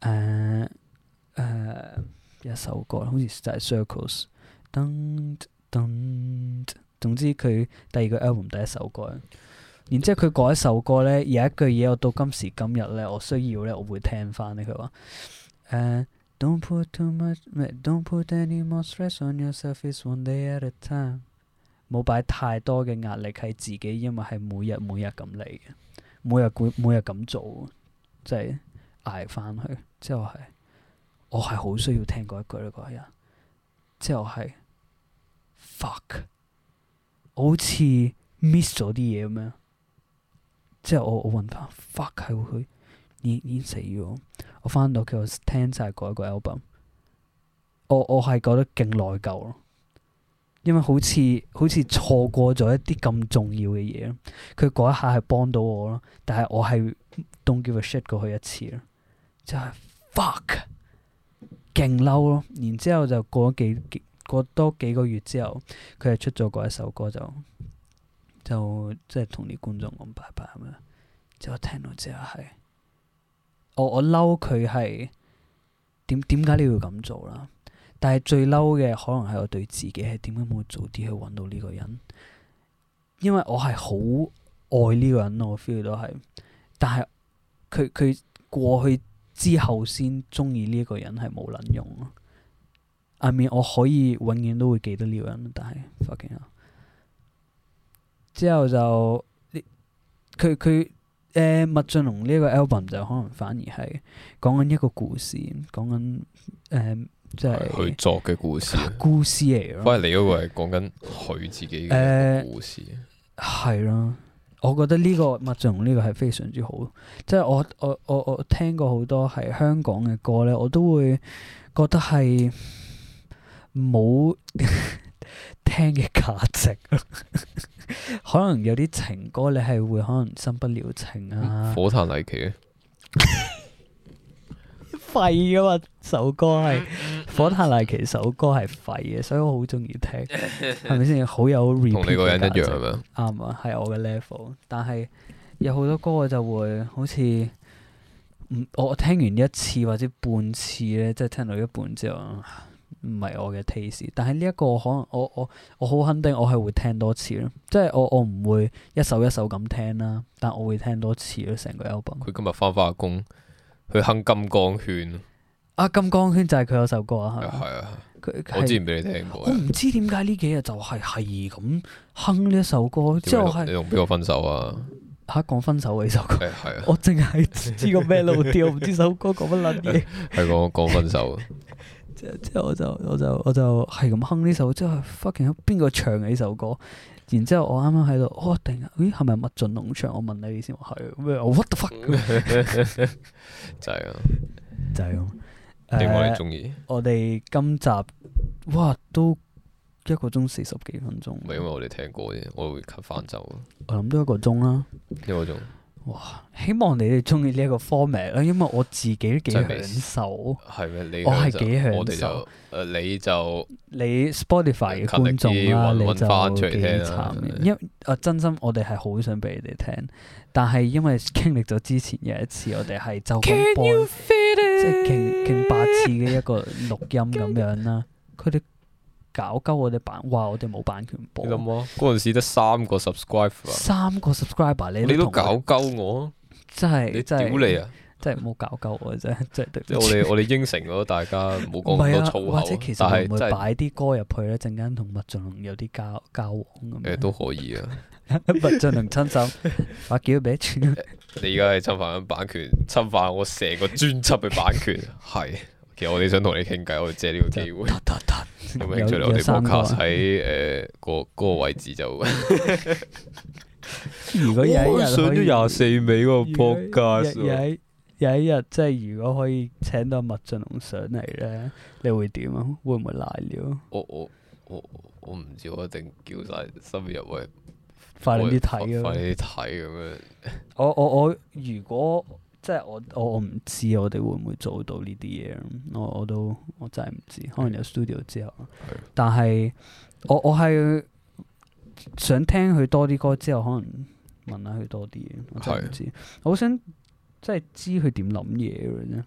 誒誒一首歌，好似係在 circles。總之佢第二個 album 第一首歌，然之後佢改首歌咧有一句嘢我到今時今日咧我需要咧我會聽翻咧佢話誒、uh，don't put too much，don't put any more stress on yourself，it's one day at a time。冇擺太多嘅壓力喺自己，因為係每日每日咁嚟，嘅，每日每日咁做，即係捱翻去。即係我係，我係好需要聽嗰一句呢個人。即係我係 fuck。好似 miss 咗啲嘢咁樣，即係我我問翻 fuck 係佢，已已死咗。我翻到屋企，我聽晒嗰一個 album，我我係覺得勁內疚咯，因為好似好似錯過咗一啲咁重要嘅嘢。佢嗰一下係幫到我咯，但係我係 don't give a shit 過去一次咯，就係 fuck，勁嬲咯。然之後就過咗幾幾。過多幾個月之後，佢係出咗嗰一首歌就就即係同啲觀眾講拜拜咁樣，就聽到之後係我我嬲佢係點點解你要咁做啦？但係最嬲嘅可能係我對自己係點解冇早啲去揾到呢個人，因為我係好愛呢個人咯，我 feel 到係，但係佢佢過去之後先中意呢個人係冇卵用。I, mean, I this, Then, he, he,、uh, m 我可以永遠都會記得呢個人，但係 f u c 之後就啲佢佢誒麥浚龍呢個 album 就可能反而係講緊一個故事，講緊誒即係佢作嘅故事。故事嚟咯，反而你嗰個係講緊佢自己嘅故事，係咯。我覺得呢個麥浚龍呢個係非常之好，即係我我我我聽過好多係香港嘅歌咧，我都會覺得係。冇沒笑聽嘅價價值， 可能有啲情歌你係會可能心不了情啊火奇。火炭麗琪廢噶嘛首歌係 火炭麗琪首歌係廢嘅，所以我好中意聽，係咪先好有 repeat 嘅價值？同你嘅人一樣係咪？啱啊，係我嘅 level。但係有好多歌我就會好似我聽完一次或者半次呢，即係聽到一半之後。唔係我嘅 taste，但係呢一個可能我我我好肯定，我係會聽多次咯，即係我我唔會一首一首咁聽啦，但我會聽多次咯，成個 album。佢今日翻翻工，去哼《金剛圈》啊，《金剛圈》就係佢有首歌啊，係啊，我之前俾你聽過。我唔知點解呢幾日就係係咁哼呢一首歌，之後係你用邊個分手啊？吓講分手嘅一首歌，係啊，我淨係知個咩老調，唔知首歌講乜撚嘢，係講講分手。之後我就我就我就係咁哼呢首，之後係 fucking 邊個唱嘅呢首歌？然之後我啱啱喺度，哦，定啊！咦，係咪麥浚龍唱？我問你先，係咩？我 what the fuck？就係咁，就係咁。你我哋中意。我哋今集哇都一個鐘四十幾分鐘。唔係因為我哋聽過嘅，我會 cut 翻走。我諗都一個鐘啦。一個鐘。哇！希望你哋中意呢一個 format 啦，因為我自己都幾享受，係咩？你我係幾享受？誒，你就你 Spotify 嘅觀眾啦，你就幾慘？因誒，真心我哋係好想俾你哋聽，但係因為經歷咗之前有一次，我哋係就咁播，即係勁勁白痴嘅一個錄音咁樣啦，佢哋。搞鳩我哋版，哇！我哋冇版權播。嗰陣時得三個 subscriber。三個 subscriber，你你都搞鳩我。真係真係。屌你啊！真係冇搞鳩我真真。即係我哋我哋應承咗大家，唔好講咁多粗口。或者其實唔會擺啲歌入去咧，陣間同麥浚龍有啲交交往咁。誒，都可以啊。麥浚龍親手把幾多 b i 你而家係侵犯版權，侵犯我成個專輯嘅版權，係。其實我哋想同你傾偈，我哋借呢個機會，有興趣？我哋喺誒個個位置就， 如果有人可上咗廿四尾個波卡，有有一日以即係如果可以請到麥浚龍上嚟咧，你會點啊？會唔會瀨尿？我我我我唔知，我一定叫晒身邊入位，快啲睇快啲睇咁樣。我我我，我如果。即係我我我唔知，我哋會唔會做到呢啲嘢？我我都我真係唔知，可能有 studio 之後。的但係我我係想聽佢多啲歌之後，可能問下佢多啲。我真係唔知，的我好想即係知佢點諗嘢嘅啫。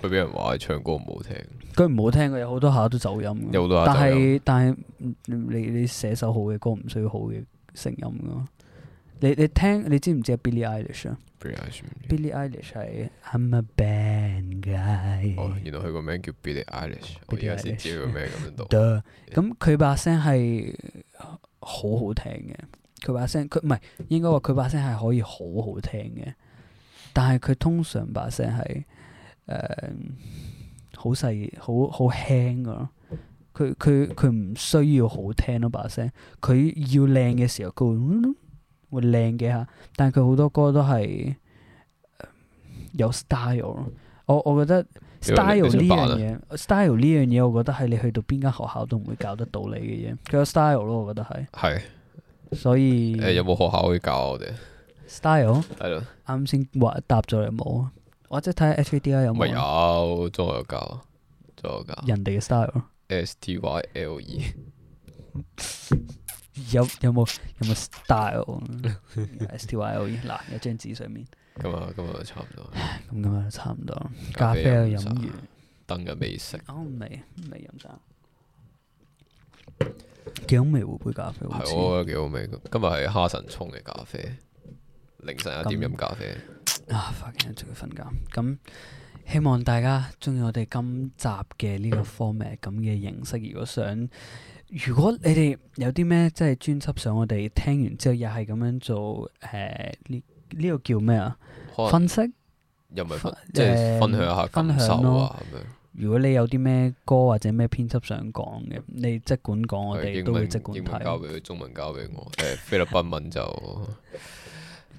佢俾人話你唱歌唔好聽，佢唔好聽嘅有好多下都走音。走音但係是 但係你你寫首好嘅歌，唔需要好嘅聲音噶。你你聽，你知唔知 Billie Eilish 啊 Billie Eilish，Billie Eilish 係 I'm a bad guy。哦，原來佢個名叫 Billie Eilish，e 我而家先知佢咩咁樣讀。咁佢把聲係好好聽嘅。佢把聲，佢唔係應該話佢把聲係可以好好聽嘅，但係佢通常把聲係誒好細好好輕咯。佢佢佢唔需要好聽咯，把聲佢要靚嘅時候，佢會。嗯會靚嘅吓，但係佢好多歌都係有 style 咯。我我覺得 style 呢樣嘢，style 呢樣嘢，我覺得係你去到邊間學校都唔會教得到你嘅嘢。佢個 style 咯，我覺得係。係的。所以。誒、呃，有冇學校會教我哋？style 係咯的，啱先話答咗有冇？我即係睇下 SVDI 有冇？有，中學有教，中學教。人哋嘅 style。S, S T Y L E。 有有冇有冇 style？style 嗱，有張紙上面。今日今日都差唔多。咁今日都差唔多。咖啡又飲完，oh, 完。等緊未食。我未？未飲曬。幾好味喎杯咖啡。係， 我覺得幾好味。今日係哈臣沖嘅咖啡。凌晨一點飲咖啡。啊，快啲準備瞓覺。咁希望大家中意我哋今集嘅呢個 format 咁嘅形式。如果想，如果你哋有啲咩即係專輯，想我哋聽完之後又係咁樣做，誒呢呢個叫咩啊？能分析又咪分？分呃、即係分享下分享咯？如果你有啲咩歌或者咩編輯想講嘅，你即管講，我哋、嗯、都會即管，文管交俾佢，中文交俾我。誒、 哎呃、菲律賓文，文就。